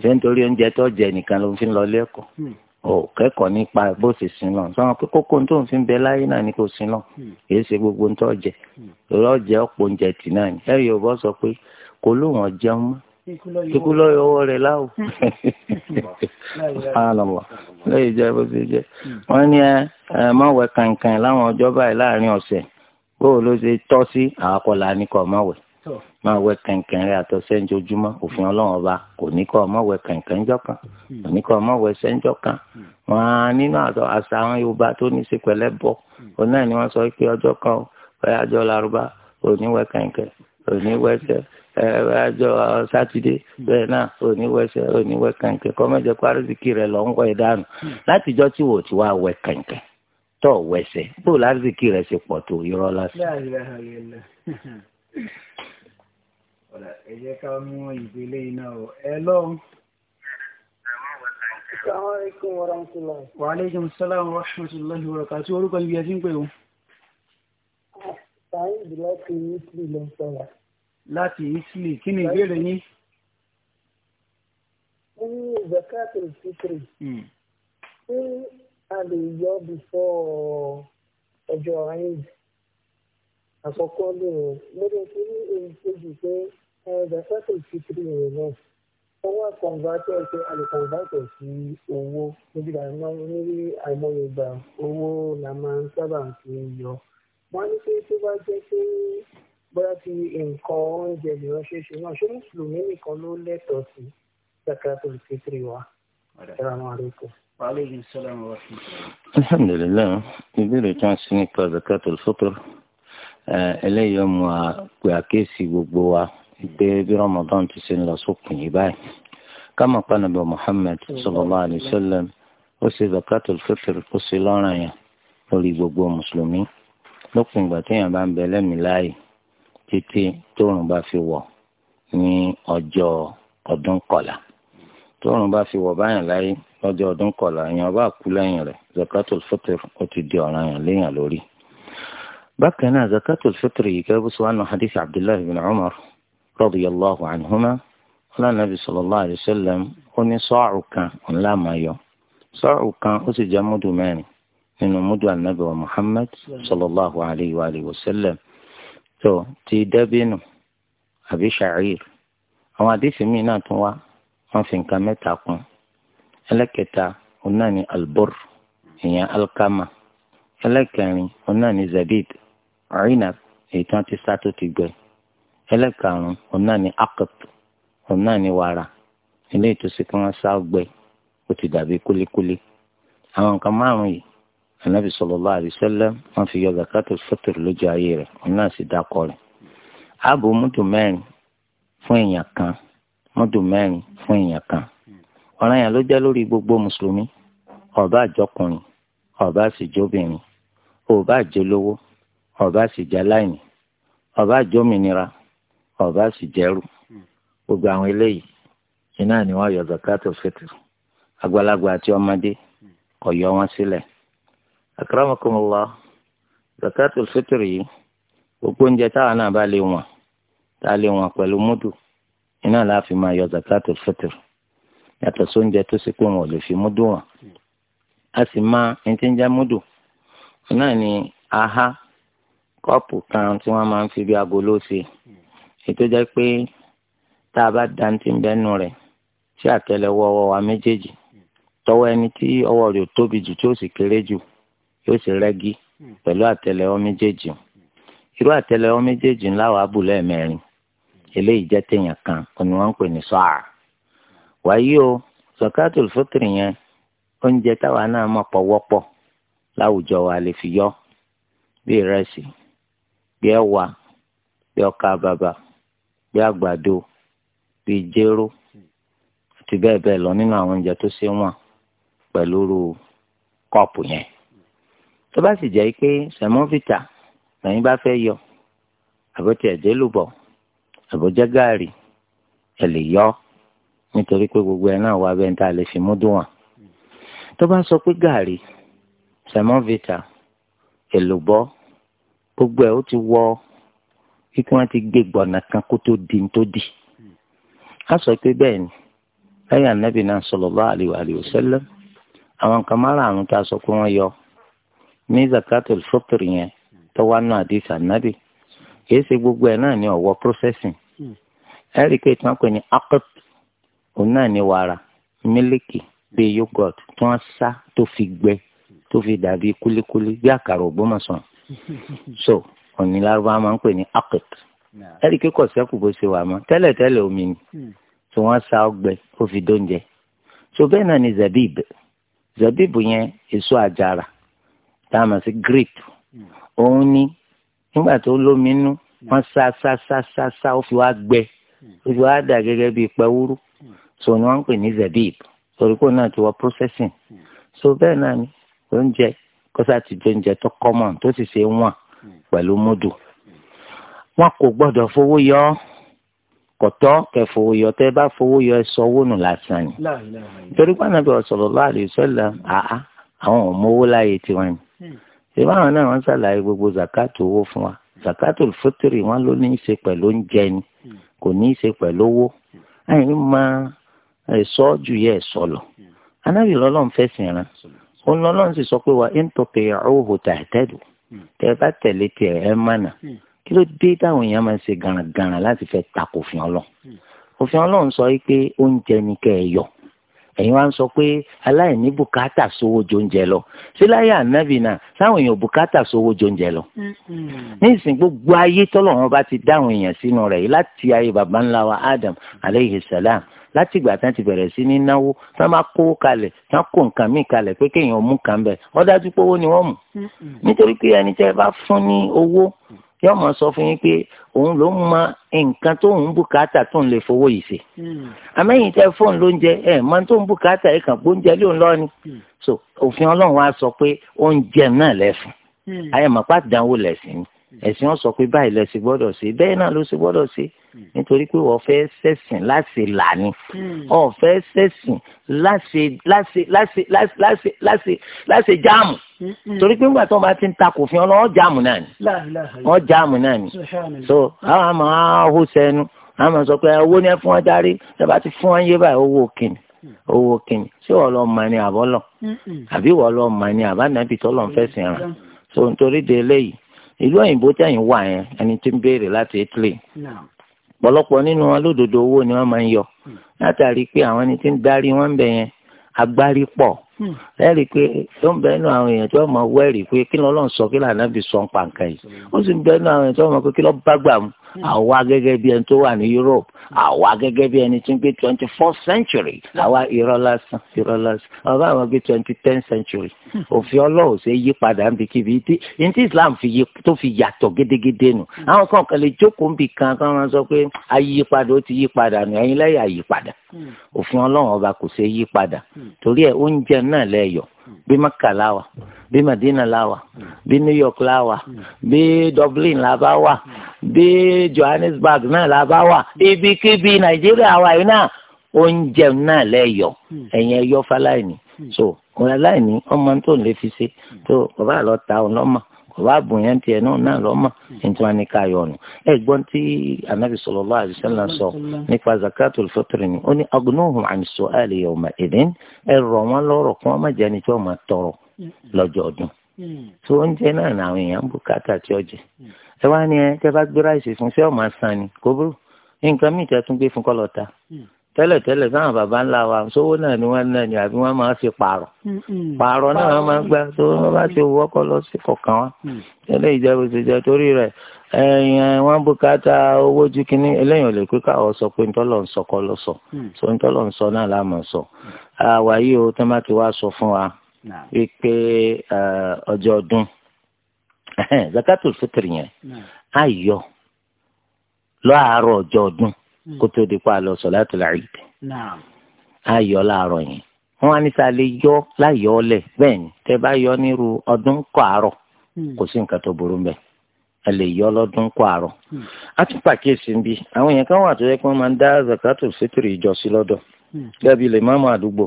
ṣé nítorí oúnjẹ tó jẹ nìkan ló ń fi lọ́ọ́lé ẹ̀kọ́ hmm. ò kẹ́kọ̀ọ́ nípa bó ṣe sin náà sọ wọn pé kókó tó ń fi bẹ láyé náà ni kò sin náà hmm. kìí ṣe gbogbo ń jẹ hmm. lọ́ọ́ jẹ ọ̀pọ̀ oúnjẹ tì náà ni ẹ̀rí ò sọ pé kò lóun ọ̀jẹun mọ́ kíkú lọ́yọ̀ ọwọ́ rẹ̀ láwù alọ́wọ́ lẹ́yìn jẹ́ bó ṣe jẹ́ hmm. wọ́n ní ẹ mọ̀wẹ́ kankan láwọn ọjọ́ báyìí láàrin ọ̀sẹ̀ bóò ló ṣe tọ́ sí àkọlà ní kò mọ̀wẹ́ mọ̀wẹ́ kankan rẹ̀ àtọ́ sẹ́ńjojúmọ́ òfin ọlọ́run ọba kò ní kò mọ̀wẹ́ kankan jọ́kan kò ní kò mọ̀wẹ́ sẹ́ńjọ́kan hmm. wọn nínú àṣà àwọn Yorùbá tó ní í ṣe pẹ̀lẹ́ bọ́ hmm. òun náà ni wọ́n sọ pé ọjọ́ kan ọ̀yájọ́ Lárúbá òní wẹ́ kankan òní wẹ́ sẹ́ńjọ́ àjọ sátidé hmm. bẹ́ẹ̀ náà òní wẹsẹ̀ òní wẹ kẹ̀kẹ́ kọ́mẹ́jẹ párẹ́sìkì rẹ̀ lọ́ ń wẹ̀ dànù hmm. látijọ́ tí wò tí wàá wẹ kẹ̀kẹ́ tọ̀ wẹsẹ̀ bó lárẹ́sìkì rẹ̀ ṣe pọ̀ tó irọ́ lásán. ẹ jẹ́ ká mú ìdílé iná o ẹ lọ́hùn. Assalamualaikum warahmatullahi. Wa alaikum salam wa rahmatullahi wa barakatuh. Orúkọ ibi ẹ̀sìn pé o. Sáyẹ̀dì láti Italy ló ń sọ̀rọ̀ láti Italy kí ni ìbéèrè yín. ní zakatul fitri hmm. ṣé a lè yọ bífọ ọjọ́ ayélujára àkọ́kọ́ lóyún lórí kí ní èyí kejì pé zakatul fitri rẹ̀ náà owó àkànvàtẹ̀ ẹ̀kẹ́ àlùkànvàtẹ̀ sí owó níbi àìmọ́ níbi àìmọ́ yorùbá owó la máa ń sábà fi yọ. wọ́n ní pé tó bá jẹ́ pé bóyá ti nǹkan oúnjẹ ìrọ̀ ṣe ṣe náà ṣé mùsùlùmí nìkan ló lẹ́tọ̀ọ́ sí zakatul fitri wa. alhamdulilayi ìbéèrè tí wọ́n ṣe nípa zakatul fitri eh, eléyìí ọmọ àpè àkéèsí gbogbo wa pé bí Ramadan ti ṣe ń lọ sópin yìí báyìí kámọ̀ pànàbọ̀ Muhammad sallallahu alayhi wa sallam ó ṣe zakatul fitri ó ṣe lọ́ranyàn lórí gbogbo mùsùlùmí lópin ìgbà téèyàn bá ń bẹ lẹ́mìí láàyè títí tóòrùn bá fi wọ̀ ní ọjọ́ ọdún kọlà tóòrùn bá fi wọ̀ báyàn láyé lọ́jọ́ ọdún kọlà èèyàn bá kú lẹ́yìn rẹ̀ zakatul fitr ó ti di ọ̀ràn yàn léèyàn lórí. bákan náà zakatul fitr yìí kẹ́ bó sọ wà nù hadith abdullahi bin umar radiyallahu anhuma ọlọ́nàbí sallallahu alayhi wa sallam ó ní sọ́ọ̀rù kan ńlá máa yọ sọ́ọ̀rù kan ó sì jẹ́ múdù mẹ́rin nínú múdù ànábì wa muhammad alayhi wa sallam tó ti dẹ́bínù àbí ṣàrír àwọn àdìsí míì náà tún wá wọn fi nǹkan mẹ́ta kún ẹlẹ́kẹta òun náà ni albor ìyẹn alkama ẹlẹ́kẹrin òun náà ni zabib ọ̀rìnà èyí tí wọ́n ti sá tó ti gbẹ ẹlẹ́karùn-ún òun náà ni akọt òun náà ni wàrà ilé ìtòsí kí wọ́n sá gbẹ ó ti dàbí kúlíkúlí àwọn nǹkan márùn-ún yìí anabi sallallahu alaihi wasallam wọn fi yọ zakatul fitr lójú ayé rẹ̀ wọn náà sì dákọ rẹ̀ ààbò mọ́tò mẹ́rin fún èèyàn kan mọ́tò mẹ́rin fún èèyàn kan ọ̀ràn yẹn ló jẹ́ lórí gbogbo mùsùlùmí ọba àjọkùnrin ọba àsìjọbìnrin ọba àjọlówó ọba àsìjàláìní ọba àjọmìnira ọba àsìjẹrù gbogbo àwọn eléyìí iná ni wọn yọ zakatul fitr àgbàlagbà àti ọmọdé kò yọ wọn sílẹ̀. Si akramakumullah zakatul fitr yìí gbogbo oúnjẹ táwa náà bá lè wọn tá lè wọn pẹ̀lú múdù iná la fi máa yọ zakatul fitr yàtọ̀ so tó sì pé wọn ò lè fi múdù wọn a sì máa ẹni tí ń múdù náà ni aha kọ́ọ̀pù kan tí wọn máa ń fi bí agolo ṣe ètò jẹ́ pé tá a bá dantí tí wa méjèèjì ẹni tí tóbi jù tí ó sì kéré yóò ṣe rẹ́gí hmm. pẹ̀lú àtẹlẹwọ́ méjèèjì irú àtẹlẹwọ́ méjèèjì ńlá wàá bù lẹ́ẹ̀mẹ́rin eléyìí jẹ́ téèyàn kan òní wọ́n ń pè ní sọ́à wáyé o zakatul fótìrì yẹn oúnjẹ táwa náà mọ̀ pọ̀ wọ́pọ̀ láwùjọ yọ bí ìrẹsì bí bí ọkà bàbà bí àgbàdo bí jéró àti lọ nínú àwọn oúnjẹ tó ṣe wọ́n pẹ̀lú yẹn. tó bá sì jẹ́ pé sẹ̀mọ́fìtà lẹ́yìn bá fẹ́ yọ àbótí ẹ̀jẹ̀ lùbọ̀ àbójẹ́ gààrí ẹ̀ lè yọ nítorí pé gbogbo ẹ̀ náà wà bẹ́ẹ̀ tá a lè fi mú dùn wọn. tó bá sọ pé gààrí sẹ̀mọ́fìtà èlùbọ́ gbogbo ẹ̀ ó ti wọ kíkí wọ́n ti gbé gbọ̀nà kan kó tó di tó di. ká sọ pé bẹ́ẹ̀ ni lẹ́yìn anábì náà sallallahu alaihi wa sallam àwọn kan márààrún tá a sọ pé wọ́n yọ ní zakatul fitr yẹn tó wá adisa àdìsí ànábì kìí ṣe gbogbo ẹ̀ náà ní ọ̀wọ́ processing hmm. ẹ̀ríkà ìtàn pé ní akut òun náà ní wàrà mílíkì bíi yogurt tí wọ́n sá tó fi gbẹ tó fi dàbí kúlíkúlí bí àkàrà ògbómọ̀sán so òní lárúbá máa ń pè ní akut ẹ̀ríkà kò sẹ́kù bó ṣe wà mọ́ tẹ́lẹ̀tẹ́lẹ̀ omi ni hmm. tí wọ́n sá ọgbẹ ó fi dóúnjẹ so bẹ́ẹ̀ náà ni zabib zabib yẹn èso àjàrà tá a mọ̀ sí grape hmm. òun ni nígbà tó lómi inú hmm. wọ́n sá sá sá sá sá ó fi wá gbẹ hmm. ó fi wá dà gẹ́gẹ́ bíi pẹ́wúrú so ni wọ́n ń pè ní zebib torí kò náà ti wọ processing so bẹ́ẹ̀ náà ni oúnjẹ kọ́sá ti jẹ oúnjẹ tó common tó sì ṣe wọ̀n pẹ̀lú múdù wọn kò gbọ́dọ̀ fowó yọ ọ́ kọtọ kẹfowó yọ tẹ bá fowó yọ ẹ sọwọ nù lásán ni torí pé Ànábì sallallahu alaihi wasallam àá àwọn ò mówó láàyè tiwọn ni ìwọ àwọn náà wọ́n ṣàlàyé gbogbo zakato owó fún wa zakato fitiri wọ́n ló ní í ṣe pẹ̀lú oúnjẹ ni kò ní í ṣe pẹ̀lú owó àyìn máa ẹ̀sọ́ ju yẹ ẹ̀sọ́ lọ anábì lọ́lọ́run fẹ̀sìn rán òun lọ́lọ́run sì sọ pé wa ń tọpẹ òhò tàìtẹ́dù tẹ bá tẹ̀lé tiẹ̀ ẹ mánà kí ló dé táwọn èèyàn máa ṣe gàràngàrà láti fẹ́ takò òfin ọlọ́run òfin ọlọ́run sọ wípé oúnjẹ ni kẹ́ ẹ yọ ẹ̀yin wá ń sọ pé aláìní bùkátà sówó jóúnjẹ lọ sí láyé ànábì náà sáwọn èèyàn bùkátà sówó jóúnjẹ lọ. ní ìsìn gbogbo ayé tọ́lọ́run bá ti dáhùn èèyàn sínú rẹ̀ yìí láti ayé baba ńlá wa Adam aleyhi salam láti ìgbà tán ti bẹ̀rẹ̀ sí ní náwó tán bá kó kalẹ̀ tán kó nǹkan míì kalẹ̀ pé kéèyàn mú kan bẹ̀ ọ́ dájú pé owó ni wọ́n mú nítorí pé ẹni tẹ́ bá fún ní owó yóò máa sọ fún yín pé òun ló ń mọ nǹkan tó ń bùkátà tó ń lè fowó yìí ṣe. Hmm. àmẹ́yìn tẹ fóònù lóúnjẹ ẹ máa tó ń bùkátà ẹ kàn gbóúnjẹ lóun lọ ni. Hmm. so òfin ọlọ́run wa sọ pé oúnjẹ náà lẹ́sìn. ayé hmm. màpá dánwò lẹ́sìn ni ẹ̀sìn ọ̀sọ̀ pé báyìí lẹ sì gbọ́dọ̀ ṣe bẹ́ẹ̀ náà ló sì gbọ́dọ̀ ṣe nítorí pé wọ́n fẹ́ ṣẹ̀sìn láṣẹ lànì wọ́n fẹ́ ṣẹ̀sìn láṣẹ láṣẹ láṣẹ láṣẹ láṣẹ láṣẹ jáàmù torí pé nígbà tó wọn bá ti ń ta kò fi ọ́n lọ́wọ́ jáàmù náà ni wọ́n jáàmù náà ni so àwọn àmọ́ ahó sẹ́nu àmọ́ sọ pé owó ni ẹ fún wọn darí ẹ bá ti fún wọn yé báyìí owó kìnnì owó kìnnì ṣé wọ́n lọ́ọ́ mọ ni àbọ́lọ̀ àbí wọ́n lọ́ọ́ mọ ni àbánábì tó lọ́ọ́ fẹ́ sìn ra so nítorí de eléyìí ìlú òyìnbó tẹ̀yìn wà yẹn ẹni tí ń béèrè láti Italy pọ̀lọpọ̀ nínú wọn lódodo owó ni wọ́n máa ń yọ hmm. látàrí pé àwọn ẹni tí ń darí wọn bẹ̀ yẹn agbárí pọ̀ lẹ́rìí hmm. pé tó ń bẹ nínú àwọn èèyàn tí wọ́n máa wẹ́rìí pé kí lọ́lọ́run sọ kí lànà bí sọ ń pa nǹkan yìí hmm. ó sì ń bẹ nínú àwọn èèyàn tí wọ́n máa pé kí lọ́ bá gbà mu àwa gẹ́gẹ́ bí ẹni tó wà ní Europe àwa gẹ́gẹ́ bí ẹni tí ń gbé twenty fourth century àwa irọ́ lásán irọ́ lásán àwa àwọn gbé twenty ten century òfin ọlọ́run ṣe yí padà ń bi kíbi tí ní Islam fi yí tó fi yàtọ̀ gédégédé nù àwọn kan kan lè jókòó nbì kan kan máa sọ pé ayípadà ó ti yí padà nù ẹ̀yin lẹ́yìn àyípadà òfin ọlọ́run ọba kò ṣe yí padà torí ẹ̀ oúnjẹ náà lẹ́yọ̀ bí Maka láwa bí Madina láwa bí New York láwa bí Dublin làbá wà bí Johannesburg náà la bá wà ibikíbi Nàìjíríà wà yìí náà oúnjẹ náà lẹ́yọ̀ hmm. ẹ̀yin ẹ̀yọ́ fáláìní hmm. so ọ̀rẹ́ aláìní ọmọ tó lè fi ṣe tó hmm. bàbá lọ ta ọ̀ lọ́mọ bàbá àbùyàn tiẹ̀ náà náà ya nítorí wọn ní ká yọ ọ̀nà ẹ gbọ́n tí anabi sọ nípa ni ó ní ẹ má ẹni tí tọrọ ọdún tó oúnjẹ náà èèyàn ṣé wàá ní ẹ tẹ bá gbé ráìsì fún ṣé ọmọ san ni kò burú nǹkan míì tẹ tún gbé fún kọlọ ta hmm. tẹ́lẹ̀ tẹ́lẹ̀ sáwọn baba ńlá wa sówó náà ni wọ́n náà ni àbí wọ́n máa fi pààrọ̀ hmm, hmm. pààrọ̀ náà wọ́n máa gbà tó wọ́n bá ti wọ́ kọ́ lọ sí kọ̀ọ̀kan wa tẹ́lẹ̀ ìjẹ́bù ti jẹ́ torí rẹ̀ ẹ̀yìn wọ́n bùkátà owó ju kínní eléyìí ò lè pé káwọ́ sọ pé ntọ́lọ̀ ń kọ́ lọ sọ so ntọ́lọ̀ ń sọ náà láàmú sọ àwa yìí o tẹ́ bá ti wá sọ fún wa wípé ọjọ́ ọdún zakatul sitere yẹn ayọ yọ láàárọ̀ ọjọ́ ọdún hmm. kó tó di pa lọ solatul Eid á yọ láàárọ̀ yẹn wọn á ní sá lè yọ bẹ́ẹ̀ ni bá yọ nírú ọdún kọ àárọ̀ hmm. kò sí nǹkan tó mbẹ ẹ lè yọ kọ hmm. a tún pàkíyèsí bí àwọn kí máa ń dá zakatul ìjọ sí àdúgbò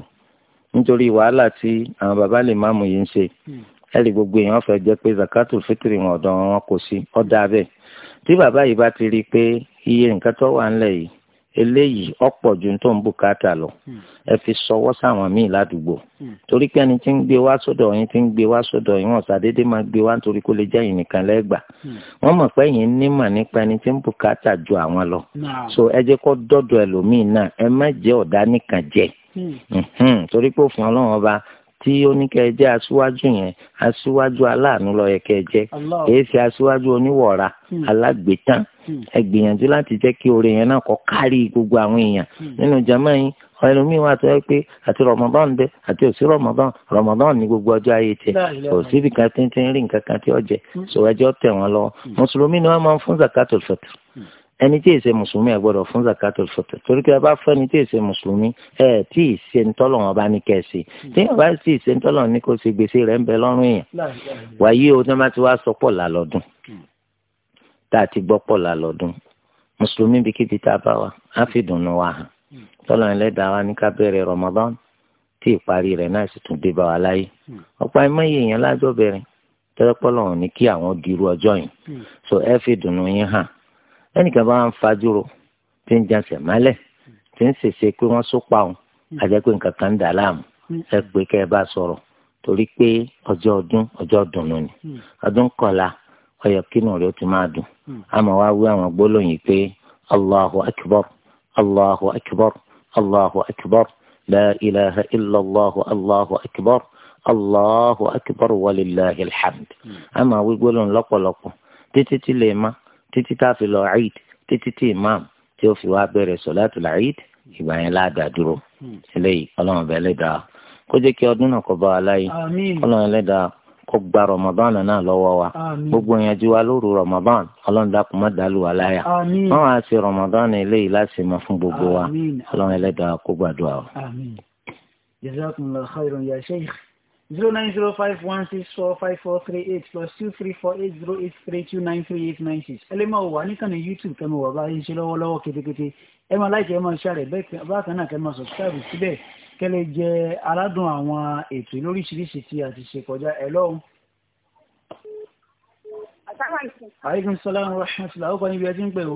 nítorí wàhálà tí àwọn ẹ̀rí gbogbo èèyàn fẹ́ jẹ́ pé zakatul fitri wọn ọ̀dọ̀ wọn kò sí ọ̀dà bẹ́ẹ̀ tí bàbá yìí bá ti rí i pé iye nǹkan tó wà ńlẹ̀ yìí eléyìí ọ̀pọ̀ ju tó ń bùkátà lọ ẹ fi ṣọwọ́ sáwọn míì ládùúgbò torí pé ẹni tí ń gbé wá sọ́dọ̀ yín tí ń gbé wá sọ́dọ̀ yín wọ́n ṣàdédé máa gbé wá nítorí kó lè jẹ́ yìí nìkan lẹ́gbà wọ́n mọ̀ pé yìí nímọ̀ nípa ẹni tí ń bùkátà ju àwọn lọ so ẹ jẹ́ kó dọ́dọ̀ ẹlòmíì náà ẹ má jẹ́ ọ̀dá nìkan jẹ́ hmm. hmm. torí pé òfin ọlọ́run ọba tí ó ní kẹ́ ẹ jẹ́ aṣíwájú yẹn aṣíwájú aláàánú ló yẹ kẹ́ ẹ jẹ́ èyí ṣe aṣíwájú oníwọ̀ra hmm. alágbèétán hmm. ẹ gbìyànjú láti jẹ́ kí oore yẹn náà kó kárí gbogbo àwọn èèyàn hmm. nínú jama yín ẹlòmíín wà tó yẹ pé àti rọmọdán dé àti òsì rọmọdán rọmọdán ní gbogbo ọjọ́ ayé tẹ òsì bìkan tí ń rí nǹkan tí ó jẹ sọ ẹjọ́ tẹ̀ wọ́n lọ́wọ́ mùsùlùmí ni wọ́n máa ń fún zakatul fitr ẹni tí èsè mùsùlùmí ẹ gbọ́dọ̀ fún zakatul fitr torí pé ẹ bá fẹni tí èsè mùsùlùmí ẹ tí ìṣe ńtọ́lọ̀ wọn bá ní kẹsì tí ẹ bá sì ìṣe ńtọ́lọ̀ ní kó ṣe gbèsè rẹ̀ ń bẹ lọ́rùn èèyàn wàyí o tí wọ́n bá ti wá sọ pọ̀ lálọ́dún tá a ti gbọ́ pọ̀ lálọ́dún mùsùlùmí bí kíbi tá a bá wa á fi dùnnú wa hàn tọ́lọ̀ ẹlẹ́dàá wa ní ká bẹ̀rẹ̀ Ramadan tí ìparí rẹ̀ náà sì tún dé bá wa láyé ọ̀pọ̀ àìmọye èèyàn lájọ́ bẹ̀rẹ̀ so ẹ fi ẹnìkan bá ń fajúro tí ń jansẹ̀ mọ́lẹ̀ tí ń ṣèṣe pé wọ́n sópa òun àjẹ́ pé nǹkan kan ń dà láàmú ẹ pé kẹ́ ẹ bá sọ̀rọ̀ torí pé ọjọ́ ọdún ọjọ́ dùnú ni ọdún kọlá ọyọ kínú rẹ ó ti máa dùn àmọ́ wá wí àwọn gbólóyìn pé allahu akbar allahu akbar allahu akbar la ilaha illallah allahu akbar allahu akbar walillahi alhamd àmọ́ wí gbólóyìn lọ́pọ̀lọpọ̀ títí tí lè má títí tá a fi lọ eid títí tí imam tí ó fi wá bẹ̀rẹ̀ sọ̀láàtù eid ìgbà yẹn láàdá dúró hmm. eléyìí ọlọ́run bẹ́ẹ̀ lè dáa kó jẹ́ kí ọdún náà kó bá wa láyé ọlọ́run lè dáa kó gba rọmọbán náà lọ́wọ́ wa gbogbo ìyànjú wa lóru rọmọbán ọlọ́run dákun má dàlú wa láyà wọ́n á ṣe rọmọbán eléyìí láti mọ fún gbogbo wa ọlọ́run lè dáa kó gbàdúrà wa. jazakumullahu khairan zero nine zero five one six four five four three eight plus two three four eight zero eight three two nine three eight nine six ẹ lè máa wà níkànnì youtube kẹ́mi wà bá yín ṣe lọ́wọ́lọ́wọ́ kétékété ẹ máa láìkẹ́ ẹ máa ṣàrẹ̀ bákan náà kẹ́ máa subscribe síbẹ̀ kẹ́ lè jẹ aládùn àwọn ètò lóríṣiríṣi tí a ti ṣe kọjá ẹ lọ́hùn. aleykum salaam wa rahmatulah ó níbi ẹ ń pè o.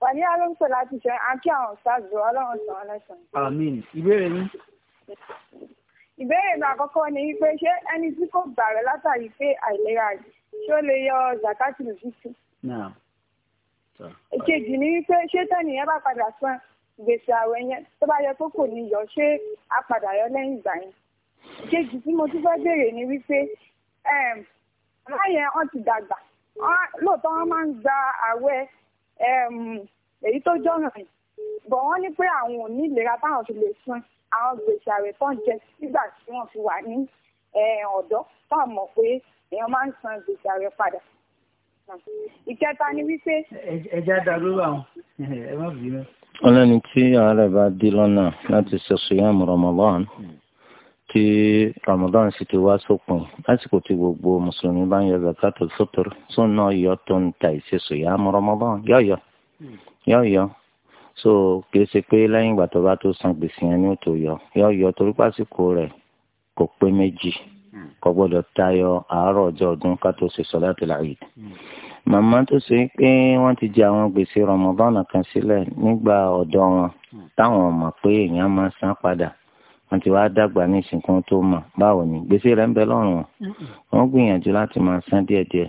wà ní alonso láti ṣe àkí àwọn ìbéèrè mi àkọ́kọ́ ni wípé ṣé ẹni tí kò gbà rẹ̀ látàrí pé àìlera rẹ̀ ṣé ó lè yọ zakati ní títí. èkejì ni wípé ṣé tẹ́nì yẹn bá padà san gbèsè àwẹ̀ yẹn tó bá yẹ kó kò ní yọ ṣé a padà yọ lẹ́yìn ìgbà yẹn. èkejì tí mo tún fẹ́ béèrè ni wípé láyẹn wọ́n ti dàgbà lóòótọ́ wọ́n máa ń gba àwẹ̀ èyí tó jọ̀ràn yìí bọ̀ wọ́n ní pé àwọn ò ní ìlera táwọn fi lè san àwọn gbèsè ààrẹ tán jẹ nígbà tí wọ́n fi wà ní ọ̀dọ́ táwọn mọ̀ pé èèyàn máa ń san gbèsè ààrẹ padà. ìkẹta ni wípé. ẹja dàrú àwọn ẹ má bínú. ọlọ́ni tí ààrẹ bá dé lọ́nà láti ṣẹ̀ṣọ́ Ramadan tí Ramadan sì ti wá sópin lásìkò tí gbogbo mùsùlùmí bá ń yọ zakatul fitr sóun náà yọ tó ń ta ìṣẹ̀ṣọ́ yàmù Ramadan yọ̀yọ̀ yọ̀yọ̀ hmm so kì í ṣe pé lẹ́yìn ìgbà tó bá tó san gbèsè yẹn ni ó tó yọ yọ yọ torí pásíkò rẹ̀ kò pé méjì hmm. kò gbọ́dọ̀ tayọ àárọ̀ ọjọ́ ọdún ká tó ṣe sọ̀látul Eid. Hmm. màmá tó ṣe pé wọ́n ti jẹ àwọn gbèsè Ramadan kan sílẹ̀ nígbà ọ̀dọ́ wọn hmm. táwọn mọ̀ pé èèyàn máa san padà wọ́n ti wá dàgbà ní ìsìnkú tó mọ̀ báwo ni gbèsè rẹ̀ ń bẹ lọ́rùn wọn. wọ́n gbìyànjú láti máa san díẹ̀díẹ̀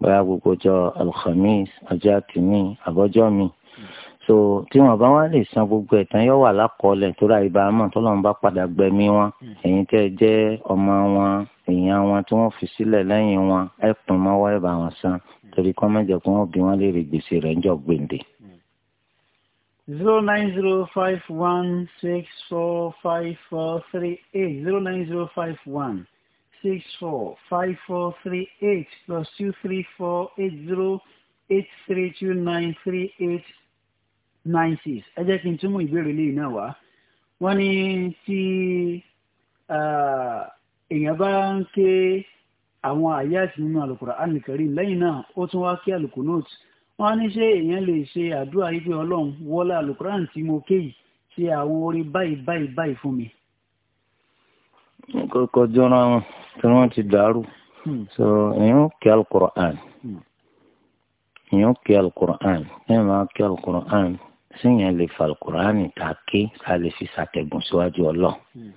bóyá gbogbo ọjọ́ alhamis ọjọ́ àtìmí àbọ́jọ́ mi so tí wọn bá wọn lè san gbogbo ẹ̀tàn yóò wà lákọọ́lẹ̀ torí àyíbá mọ̀ tó lọ́n bá padà gbẹ̀mí wọn hmm. ẹ̀yin tẹ́ ẹ jẹ́ ọmọ wọn èèyàn wọn tí wọ́n fi sílẹ̀ lẹ́yìn wọn ẹ kùn mọ́wọ́ ẹ̀ bá wọn san hmm. torí kọ́ mẹ́jọ kí wọ́n bí wọ́n lè rí gbèsè rẹ̀ ńjọ gbèǹde. Hmm. zero nine zero five one six four five four three eight zero nine zero five one six four five four three eight plus two three four eight zero eight three two nine three eight nine six ẹ jẹ́ kí n túmọ̀ ìbéèrè lẹ́yìn náà wá wọ́n ní tí èèyàn bá ń ké àwọn àyàtì nínú Al-Qur'an Al-Karim lẹ́yìn náà ó tún wá kí Al-Qunut wọ́n á ní ṣé èèyàn lè ṣe àdúrà yìí pé ọlọ́run wọlé Al-Qur'an tí mo ké yìí ṣe àwọn orin báyìí báyìí báyìí fún mi. kọ́kọ́ jọra tí wọ́n ti dàrú hmm. so èèyàn kí Al-Qur'an hmm. èèyàn kí Al-Qur'an èèyàn máa kí Al-Qur'an síyẹn lè fa alukur'ani ta ké a lè fi ṣàtẹ̀gùn síwájú ọlọ́run hmm.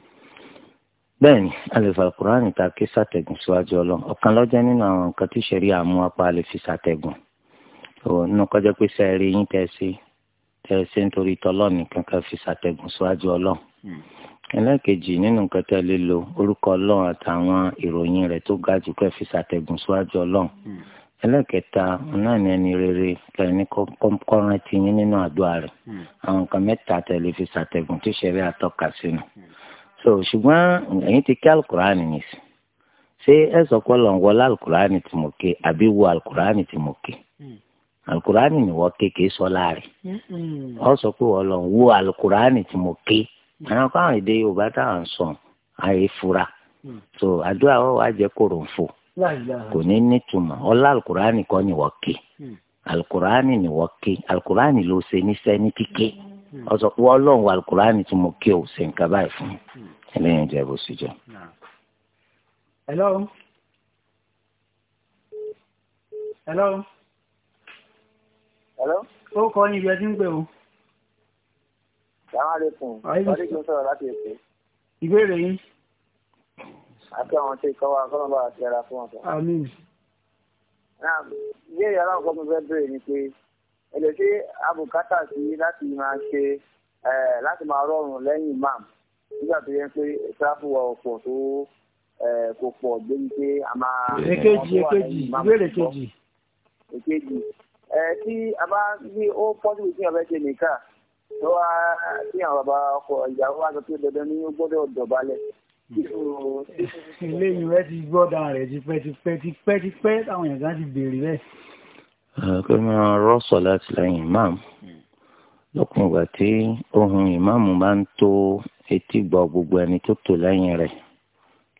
bẹ́ẹ̀ ni a lè fa alukur'ani ta ké ṣàtẹ̀gùn síwájú ọlọ́run ọ̀kan lọ́jọ́ nínú àwọn nǹkan tí sẹ̀rí àmú apá a lè fi ṣàtẹ̀gùn nínú kọjá pé sẹ́ẹ̀rí yín tẹ́ ṣe nítorí tọ́lọ́ nìkan kan fi ṣàtẹ̀gùn síwájú ọlọ́run hmm. ẹlẹ́ẹ̀kejì nínú nǹkan tẹ́ lè orúkọ ọlọ́run àtàwọn ìròyìn rẹ̀ tó ga jù kẹ́ fi ṣàtẹ̀gùn síwájú ọlọ́run hmm ẹlẹ́kẹta náà ni ẹni rere kẹrin kọ́ńkọ́rán ti yín nínú àdúrà rẹ̀ hmm. àwọn nǹkan mẹ́ta tẹ̀lé fi ṣàtẹ̀gùn tí ṣẹ̀rẹ́ àtọ́ka sínú. Hmm. so ṣùgbọ́n ẹ̀yin ti kí alukur'an yìí sí ṣé ẹ sọ pé lọ́nwọ́ alukur'an ti mọ̀ ké àbí wo alukur'an ti mọ̀ ké hmm. alukur'an ni wọ́n ké kìí sọ láàrin ọ sọ pé wọ́n lọ wo alukur'an ti mọ̀ ké àwọn káwọn èdè Yorùbá táwọn sọ àyè fura so àdúrà wọn wàá jẹ́ kòròǹfò kò ní nítumọ̀ ọlá alukurani kọ́ ni wọ́n ké hmm. alukurani ni wọ́n ké alukurani ló ṣe níṣẹ́ ní kíké ọsọ hmm. pé ọlọ́run wa alukurani tí mo ké o ṣe nǹkan báyìí fún hmm. ẹlẹ́yin jẹ́ bó ṣe jẹ́. hello hello hello ó kọ́ ní ibi ẹtí ń pè o. salaam aleykum. wàhálà ìbéèrè yín àti àwọn tí kọ́wá kọ́nà bá ti ara fún ọ̀sán. àmín. ìbéèrè aláwọ̀kọ́ mi fẹ́ bèrè ni pé èlé tí abùkátà sí láti máa ṣe láti máa rọrùn lẹ́yìn imam nígbà tó yẹ pé sáfù wa ọ̀pọ̀ tó kò pọ̀ débi pé a máa. èkejì èkejì ìbéèrè kejì. èkejì tí a bá ní ó pọ́jú sí ọ̀rẹ́ ṣe nìkan tó wá sí àwọn bàbá ọkọ ìyàwó wa sọ pé dandan ni ó gbọ́dọ̀ dọ̀bálẹ̀ ilé ìwé ti gbọ́dọ̀ rẹ̀ ti pẹ́ ti pẹ́ ti pẹ́ ti pẹ́ táwọn èèyàn kan ti béèrè bẹ́ẹ̀. pé ah, máa rọ́ṣọ̀ láti lẹ́yìn ìmáàmù lókun ìgbà tí ohun ìmáàmù bá ń tó etí gbọ́ gbogbo ẹni tó tò lẹ́yìn rẹ̀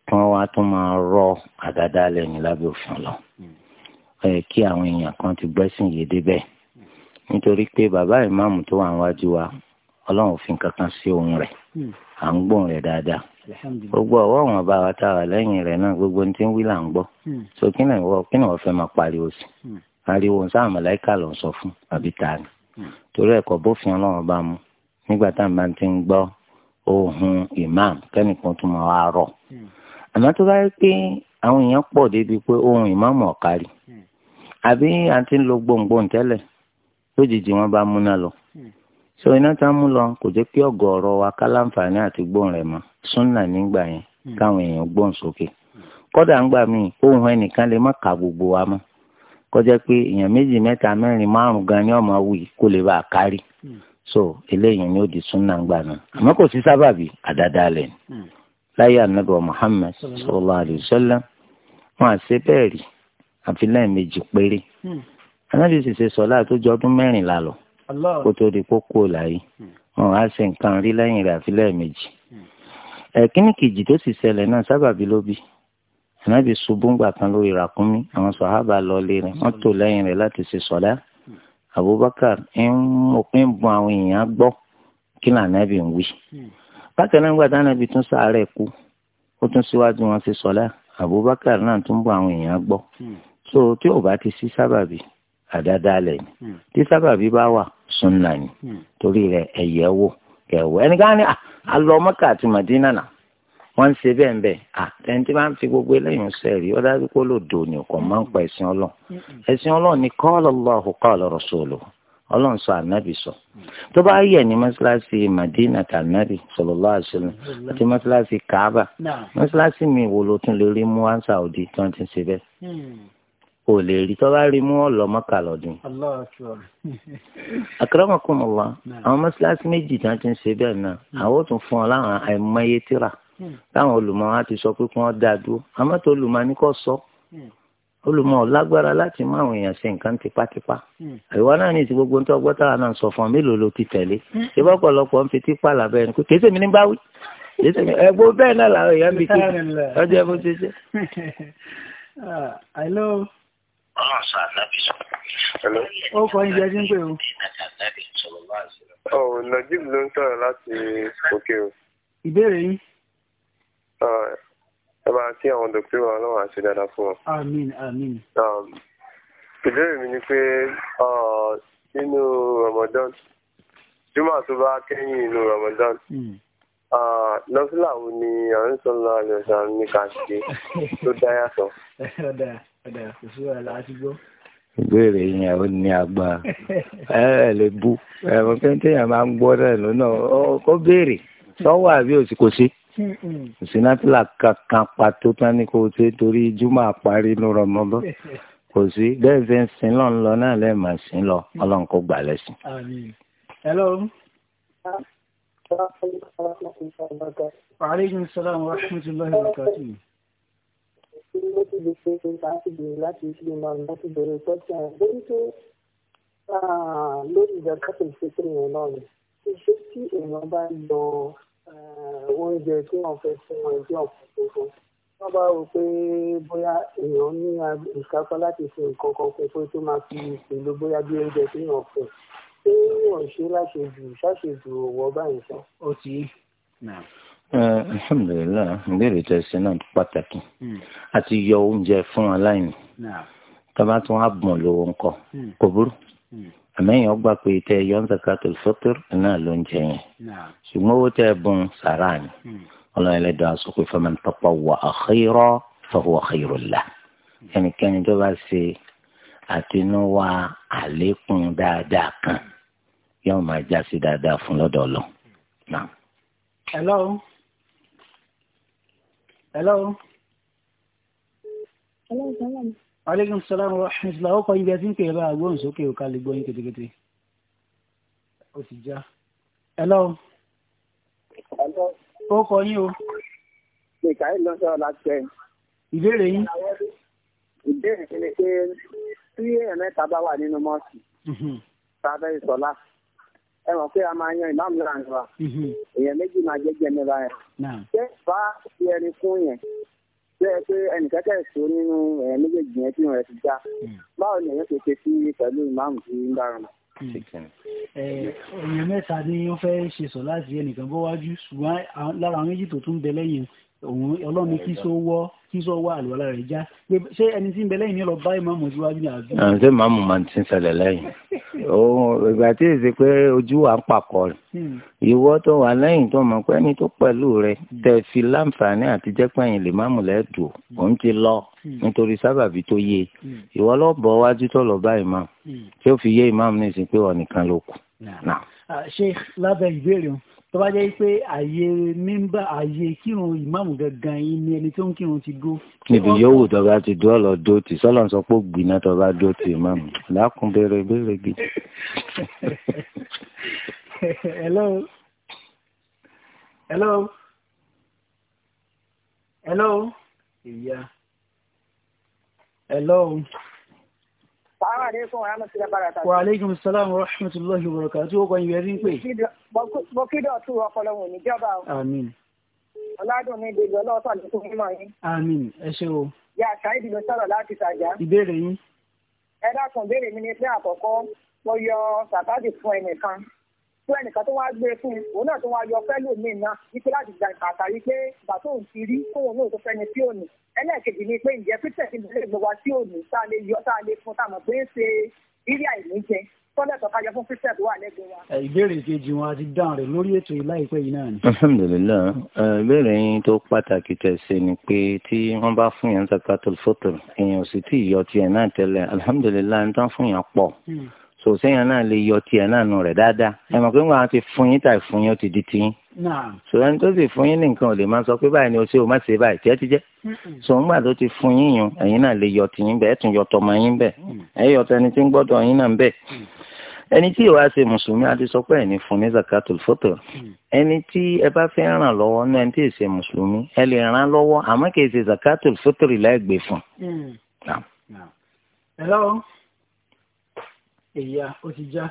kí wọ́n wá tún máa rọ àdáda lẹ́yìn lábẹ́ òfin lọ. kí àwọn èèyàn kan ti gbẹ́sìn yìí débẹ̀ nítorí pé bàbá ìmáàmù tó wà níwájú wa ọlọ́run òfin kankan sí ohun rẹ̀ à ń gbọ́n rẹ̀ dáadáa gbogbo ọwọ́ àwọn ọba wa tá a wà lẹ́yìn rẹ̀ náà gbogbo ní ti ń wí là ń gbọ́ hmm. so kí ni wọ́n kí ni wọ́n fẹ́ máa pariwo sí hmm. ariwo ń sáà mọ̀láìkà lọ sọ fún àbí ta ni hmm. torí ẹ̀kọ́ bófin ọlọ́run bá mu nígbà tá a máa ti ń gbọ́ ohun imam kẹ́nìkan tún máa wá rọ̀ àmọ́ tó bá rí pé àwọn èèyàn pọ̀ débi pé ohun imam ọ̀kari àbí àti ń lo gbòǹgbòǹ tẹ́lẹ̀ lójijì wọn bá múná lọ. so iná tá mú lọ kò jẹ́ kí ọ̀gọ̀ọ̀rọ̀ wa ká láǹfààní àti gbóhùn rẹ̀ mọ́ súnà nígbà yẹn hmm. káwọn èèyàn gbóhùn sókè kódà ńgbà ẹnìkan lè má kà gbogbo wa mọ́ kọjá pé èèyàn méjì mẹ́ta mẹ́rin márùn gan ni ọmọ wì kó lè bá a kárí hmm. so eléyìí ni ó di súnà ńgbà náà àmọ́ kò sí sábàbí àdádálẹ̀ ni hmm. láyé ànábì Muhammad sallallahu alayhi wọn péré sọlá kó tó di kókó láyé wọn á ṣe nǹkan rí lẹ́yìn rẹ̀ àfi lẹ́ẹ̀mejì ẹ̀kíní kejì tó sì ṣẹlẹ̀ náà sábàbí ló bí ànábì ṣubú ńgbà kan lórí ràkúnmí àwọn sọ̀hábà lọ rẹ̀ wọ́n tò lẹ́yìn rẹ̀ láti ṣe sọ̀lá Abubakar ń òpin bun àwọn èèyàn gbọ́ kí ni ànábì ń wí bákan náà gbàdá ànábì tún sàárẹ̀ kú ó tún síwájú wọn ṣe sọ̀lá Abubakar náà tún bun àwọn èèyàn gbọ́ so tí ò bá ti sí sábàbí àdáadáa lẹ̀ ni hmm. tí sábàbí bá wà sunna ni hmm. torí rẹ̀ ẹ̀yẹ́ wò gaa ẹnìkan ni alọ́ ah, àti màdínà wọ́n ń bẹ́ẹ̀ ń à ah, gbogbo eléyìí sẹ́ẹ̀rí ó dájú pé dò ní ọkọ máa ń pa ẹ̀sìn ọlọ hmm. ẹ̀sìn ọlọ́run ni qala Allahu qala rasuluhu ọlọ́run sọ ànábì sọ hmm. tó bá madina àti kaaba mi wo ló tún lè rí mú ansa tí kò lè rí tọ́ bá rí mú ọ̀lọ́ mọ́kà lọ́dún. akramakumullah àwọn mọ́sálásí méjì tí wọ́n ti ń ṣe bẹ́ẹ̀ náà hmm. àwọn ò tún fún ọ láwọn àìmọye tíra hmm. táwọn olùmọ̀ wa ti sọ pé kí wọ́n dá dúró àmọ́ tó olùmọ̀ ni kò sọ hmm. olùmọ̀ lágbára láti mú àwọn èèyàn ṣe nǹkan tipátipá àìwá náà ní ti gbogbo nítorí ọgbọ́n táwọn náà sọ fún ọ mélòó ló ti tẹ̀lé ìbá ọ̀pọ̀lọpọ̀ ń fi tipa làbẹ́ ẹni kò tẹ́sẹ̀ mi ní báwí tẹ́sẹ̀ mi ẹ̀gbọ́n bẹ́ẹ̀ náà làwọn èèyàn bí kí ọjọ́ ẹ̀ bó ṣe ṣe. hello. Ah, ọlọ́run sọ ànábì sọ. ó kọ oúnjẹ tí oh, najib ló ń sọ̀rọ̀ láti òkè o. ìbéèrè yín. Oh, ẹ bá kí àwọn dókítà wa ọlọ́run àti dáadáa fún wọn. àmín àmín. Um, ìbéèrè mi ni pé oh, nínú Ramadan jùmọ̀ tó bá kẹ́yìn inú Ramadan lọ́fílà hmm. ah, wo ni à ń sọ lọ́wọ́ àlẹ́ ọ̀sán ní ká tó dá yàtọ̀. ìbéèrè yẹn ó ní agbára ẹ lè bu ẹ̀rọ péńté yẹn máa ń gbọ́ rẹ̀ lónà ó béèrè sọ́wọ́ àbí òsì kò sí sinapila kankan pàtó tani kò ṣe torí juma parí ní rọmọbọ kò sí bẹ́ẹ̀ fẹ́ sin lọ ńlọ náà lẹ́ẹ̀ máa sin lọ ọlọ́run kò gbà lẹ́sìn. wa aleykum salaam wa rahmatulahi wa barakatuh tí ó ti lè ṣe ṣe láti bèrè láti ṣe máa ń láti bèrè tọ́jú àwọn lórí tó lórí ìjàkátà ìṣẹ́sẹ́ yẹn náà ni ṣe tí èèyàn bá lọ oúnjẹ tí wọ́n fẹ́ fún ẹgbẹ́ ọ̀pọ̀ fún wọ́n bá rò pé bóyá èèyàn ní ìkápá láti fi nǹkan kan kún pé tó máa fi pẹ̀lú bóyá bí oúnjẹ tí wọ́n fẹ́ ṣé wọ́n ṣe láṣejù ṣáṣejù òwò báyìí sàn. ó ti náà alhamdulilayi ìbéèrè tẹ̀sí náà pàtàkì àti hmm. yọ oúnjẹ fún aláìní tábà tí wọ́n á bùn lówó ńkọ hmm. kò burú hmm. àmẹ́yìn ọgbà pé tẹ yọ zakatul fitr náà ló ń jẹ yẹn ṣùgbọ́n owó tẹ bùn sàrà ni ọlọ́run ẹlẹ́dàá sọ pé faman tatawwa'a khayran fahuwa khayrun lahu ẹnikẹ́ni tó bá ṣe àtinúwá àlékún dáadáa kan yóò máa jásí dáadáa fún lọ́dọ̀ ọlọ́run hello. hello salaam. aleykum salaam wa rahmatulah ó kọ ibi ẹtí ń pè é bá agbóhùn sókè ó lè gbóyún kétékété ó sì já hello. hello. ó kọ yín o. mikael ló sọ̀rọ̀ láti ẹ̀. ìbéèrè yín. ìbéèrè mi ni pé tí èèyàn mẹ́ta bá wà nínú mọ́ọ̀sì. sábẹ́ mhm. ìsọlá ẹ mọ̀ pé a máa yan ìmáàmù láàrin wa mhm. èèyàn méjì máa jẹ́ jẹ́ mẹ́ba yẹn ṣé bá fi ẹni kún yẹn ṣé ẹ pé ẹnìkan kẹ̀sọ́ nínú èèyàn méjèèjì yẹn tí wọ́n ti já mhm. báwo ni èèyàn ṣe ṣe sí pẹ̀lú ìmáàmù tí ń bára wọn. Mhm. èèyàn mẹ́ta ni wọ́n fẹ́ ṣe sọ láti ẹnìkan bọ́ wájú ṣùgbọ́n lára àwọn méjì tó tún bẹ lẹ́yìn òun ọlọ́run ní kí sọ wọ́ kí sọ wọ́ àlùwalá rẹ̀ já pé ṣé ẹni tí ń bẹ lẹ́yìn ní lọ bá ìmáàmù síwájú ní àbí. àwọn ṣé màmú máa ti ń ṣẹlẹ̀ lẹ́yìn ìgbà tí èsì pé ojú wa ń pàkọ́ rẹ̀ hmm. ìwọ tó wà lẹ́yìn tó mọ̀ pé ẹni tó pẹ̀lú rẹ̀ tẹ̀ fi láǹfààní àti jẹ́pẹ̀yìn lè máàmù lẹ́dùn hmm. òun ti lọ hmm. nítorí sábàbí tó yé ìwọ lọ wájú tó tó bá jẹ́ pé ààyè mímbà ààyè kírun ìmáàmù gangan yìí ni ẹni tó ń kírun ti dó. níbi yòówù tó bá ti dó ọ̀lọ́ dó tì sọ́lọ́ sọ pé gbìnà tó bá dó tì ìmáàmù lákùn bèrè bèrè hello hello hello yeah hello? Wa alaikum salam wa rahmatullahi wa barakatuh. Ó kọ́ ìwé rí ń pè. Bọ́kídọ̀ tú ọpọlọ wò ní jọba o. Àmín. Ọládùn mi dèjọ́ lọ́ọ̀tọ̀ ní kò mímọ̀ yín. Àmín. Ẹ ṣé o. Yà Ṣáìdì ló sọ̀rọ̀ láti ṣàjá. Ìbéèrè yín. Ẹ dákun béèrè mi ni pé àkọ́kọ́ mo yọ sàkáàdì fún ẹnìkan fún ẹnìkan tó wáá gbé fún un òun náà tó wáá yọ fẹ́lò míì náà wípé láti gba ìkàkà wípé ìgbà tóun ti rí tóun náà tó fẹ́ni tí ò ẹlẹ́ẹ̀kejì ni pé ǹjẹ́ pítẹ̀ ti bẹ̀rẹ̀ gbọ́ wa tí ò ní tá a lè yọ tá a lè fún tá a mọ̀ pé ń ṣe rírí àìní jẹ tọ́lẹ̀ tó kájọ fún pítẹ̀ tó wà lẹ́gbẹ̀ẹ́ wa. ìbéèrè kejì wọn àti dáhùn rẹ̀ lórí ètò ìláìpẹ́ yìí náà ni. alhamdulillah ìbéèrè yín tó pàtàkì tẹ̀sí ni pé tí wọ́n bá fún yàn zakatul fitr èèyàn sì tí ì yọ tiẹ̀ náà tẹ́lẹ̀ alhamdulillah ń tán fún yàn pọ̀. Hmm so sẹ́yìn náà lè yọ tiẹ̀ náà nù rẹ̀ dáadáa ẹ mọ̀ pé wọn àti fún yín tàì fún yín ó ti di tiyín so ẹni tó sì fún yín nìkan ò lè máa sọ pé báyìí ni o ṣe o má ṣe báyìí tiẹ́ ti jẹ́ so ńgbà tó ti fún yín yun ẹ̀yin náà lè yọ tiyín bẹ́ẹ̀ tún yọ tọmọ yín bẹ́ẹ̀ mm. ẹ yọ tẹni tí ń gbọ́dọ̀ yín náà bẹ́ẹ̀ mm. ẹni tí ìwà ṣe mùsùlùmí á ti sọ pé ẹni fún ní zakatul fitr mm. ẹni tí ẹ bá fẹ́ ràn lọ́wọ́ náà ẹni tí ì ṣe mùsùlùmí ẹ lè ràn lọ́wọ́ àmọ́ kì í ṣe zakatul fitr lẹ́gbẹ̀ẹ́ fún. hello ẹ̀yà ó ti já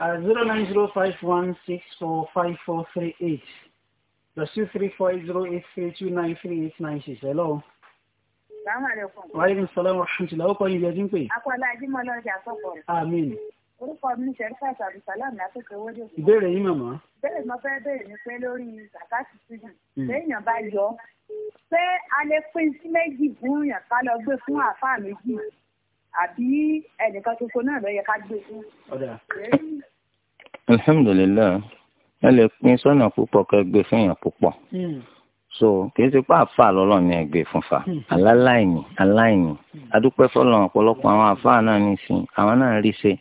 uh, zero nine zero five one six four five four three eight plus two three four eight zero eight three two nine three eight nine six hello. Wàhálà sọ́lá wàhálà ó kọ́ yín yẹn pé. Akọ́lá Ajímọ́lá ọjà sọ̀kọ̀ rẹ̀. Àmín. Orúkọ mi ní Sẹ́ríkà Sàbùsálàmù lásìkò owó dé. Ìbéèrè yín màmá. Bẹ́ẹ̀ mo fẹ́ béèrè ni pé lórí Zakati Sudan. Béèyàn hmm. bá yọ. Ṣé a lè pín sí méjì fún yàn ká lọ gbé fún àáfàá méjì? àbí ẹnìkan tuntun náà ló yẹ ká gbé fún. alhamdulilayi ẹ lè pín sọ́nà púpọ̀ kẹ́ gbé fún èèyàn púpọ̀ hmm. so kì í ṣe pé àfa lọ́lọ́ ni ẹgbẹ́ fúnfa hmm. aláìní aláìní hmm. adúpẹ́ fọlọ́ ọ̀pọ̀lọpọ̀ àwọn àfa náà ní sìn àwọn náà rí ṣe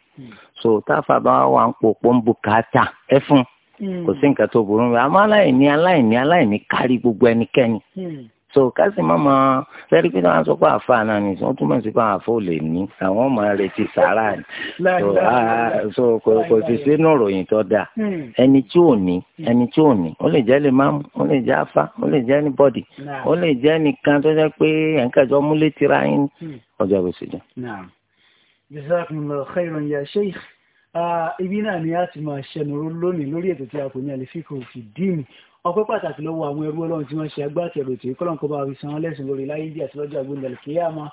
so táfà bá wà ń pò pọ́ ń bu kàtà ẹ fún kò sí nǹkan tó burú bẹ́ẹ̀ àmọ́ aláìní aláìní aláìní kárí gbogbo ẹnikẹ́ni so kásì má máa fẹ́rí pé wọ́n sọ pé àfa náà ni wọ́n túmọ̀ sí pé àfa ò lè ní àwọn ọmọ rẹ̀ ti sàárà ni so kò sì sínú ìròyìn tó dáa hmm. ẹni tí ò ní hmm. ẹni tí ò ní ó lè jẹ́ lè máàmù ó lè jẹ́ afá ó lè jẹ́ ní bọ́dì ó lè jẹ́ nìkan tó jẹ́ pé ẹ̀ńkàjọ múlé tira yín hmm. ọjọ́ bó ṣe jẹ́. jazakumullahu khairan ya sheikh ah, ibi náà ni a ti máa ṣẹnu lónìí lórí ètò tí a kò ní àlefíkò fìdí mi ọpẹ́ pàtàkì lọ́wọ́ àwọn ẹrú Ọlọ́run tí wọ́n ṣe agbátẹrù tí kọlọńkọ bá fi san lẹ́sìn lórí láyé bí àti lọ́jọ́ àgbéǹdàlẹ kìyàmá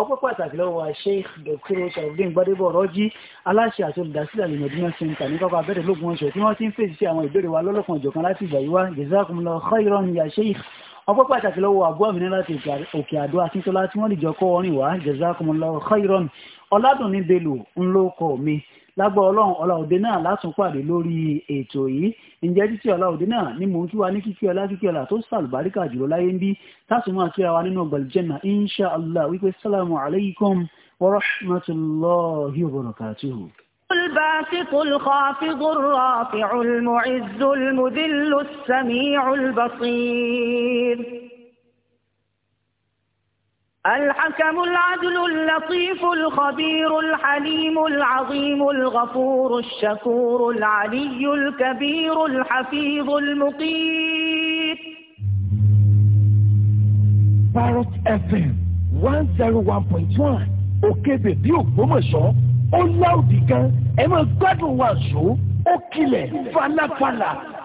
ọpẹ́ pàtàkì lọ́wọ́ Sheikh Dr. sharafdin gbadebo rọjí aláṣẹ àti olùdásílẹ̀ alimọdúnmọ center ní pápá abẹrẹ lógún ọṣọ tí wọ́n ti ń fèsì sí àwọn ìbéèrè wa lọlọkan ọjọ́kan láti ìgbà yìí wá jazakumullahu ya Sheikh ọpẹ́ pàtàkì lọ́wọ́ àbú àmìnira láti òkè àdó akíntola tí wọ́n dìjọ kọ orin wá jazakumullahu khairan ọládùn belu bello ńlọkọ mi lágbọ́ ọlọ́run ọláòdé náà látún pàdé lórí ètò yìí ǹjẹ́ títí ọláòdé náà ni mò ń kí wa ní kíkí ọlá kíkí ọlá tó sàlùbáríkà jùlọ láyé ń bí tásùn máa kíra wa nínú ọgbà ìjẹ́nà insha allah wípé sálàmù alaykum wa rahmatulahi wa barakatuhu. الباسط الخافض الرافع المعز المذل السميع البصير الحكم العدل اللطيف الخبير الحليم العظيم الغفور الشكور العلي الكبير الحفيظ المقيت Parrot FM 101.1 òkè bèbí Ògbómọ̀ṣọ́ ó láòdì gan ẹ máa gbádùn wa ó kilẹ̀ falafala.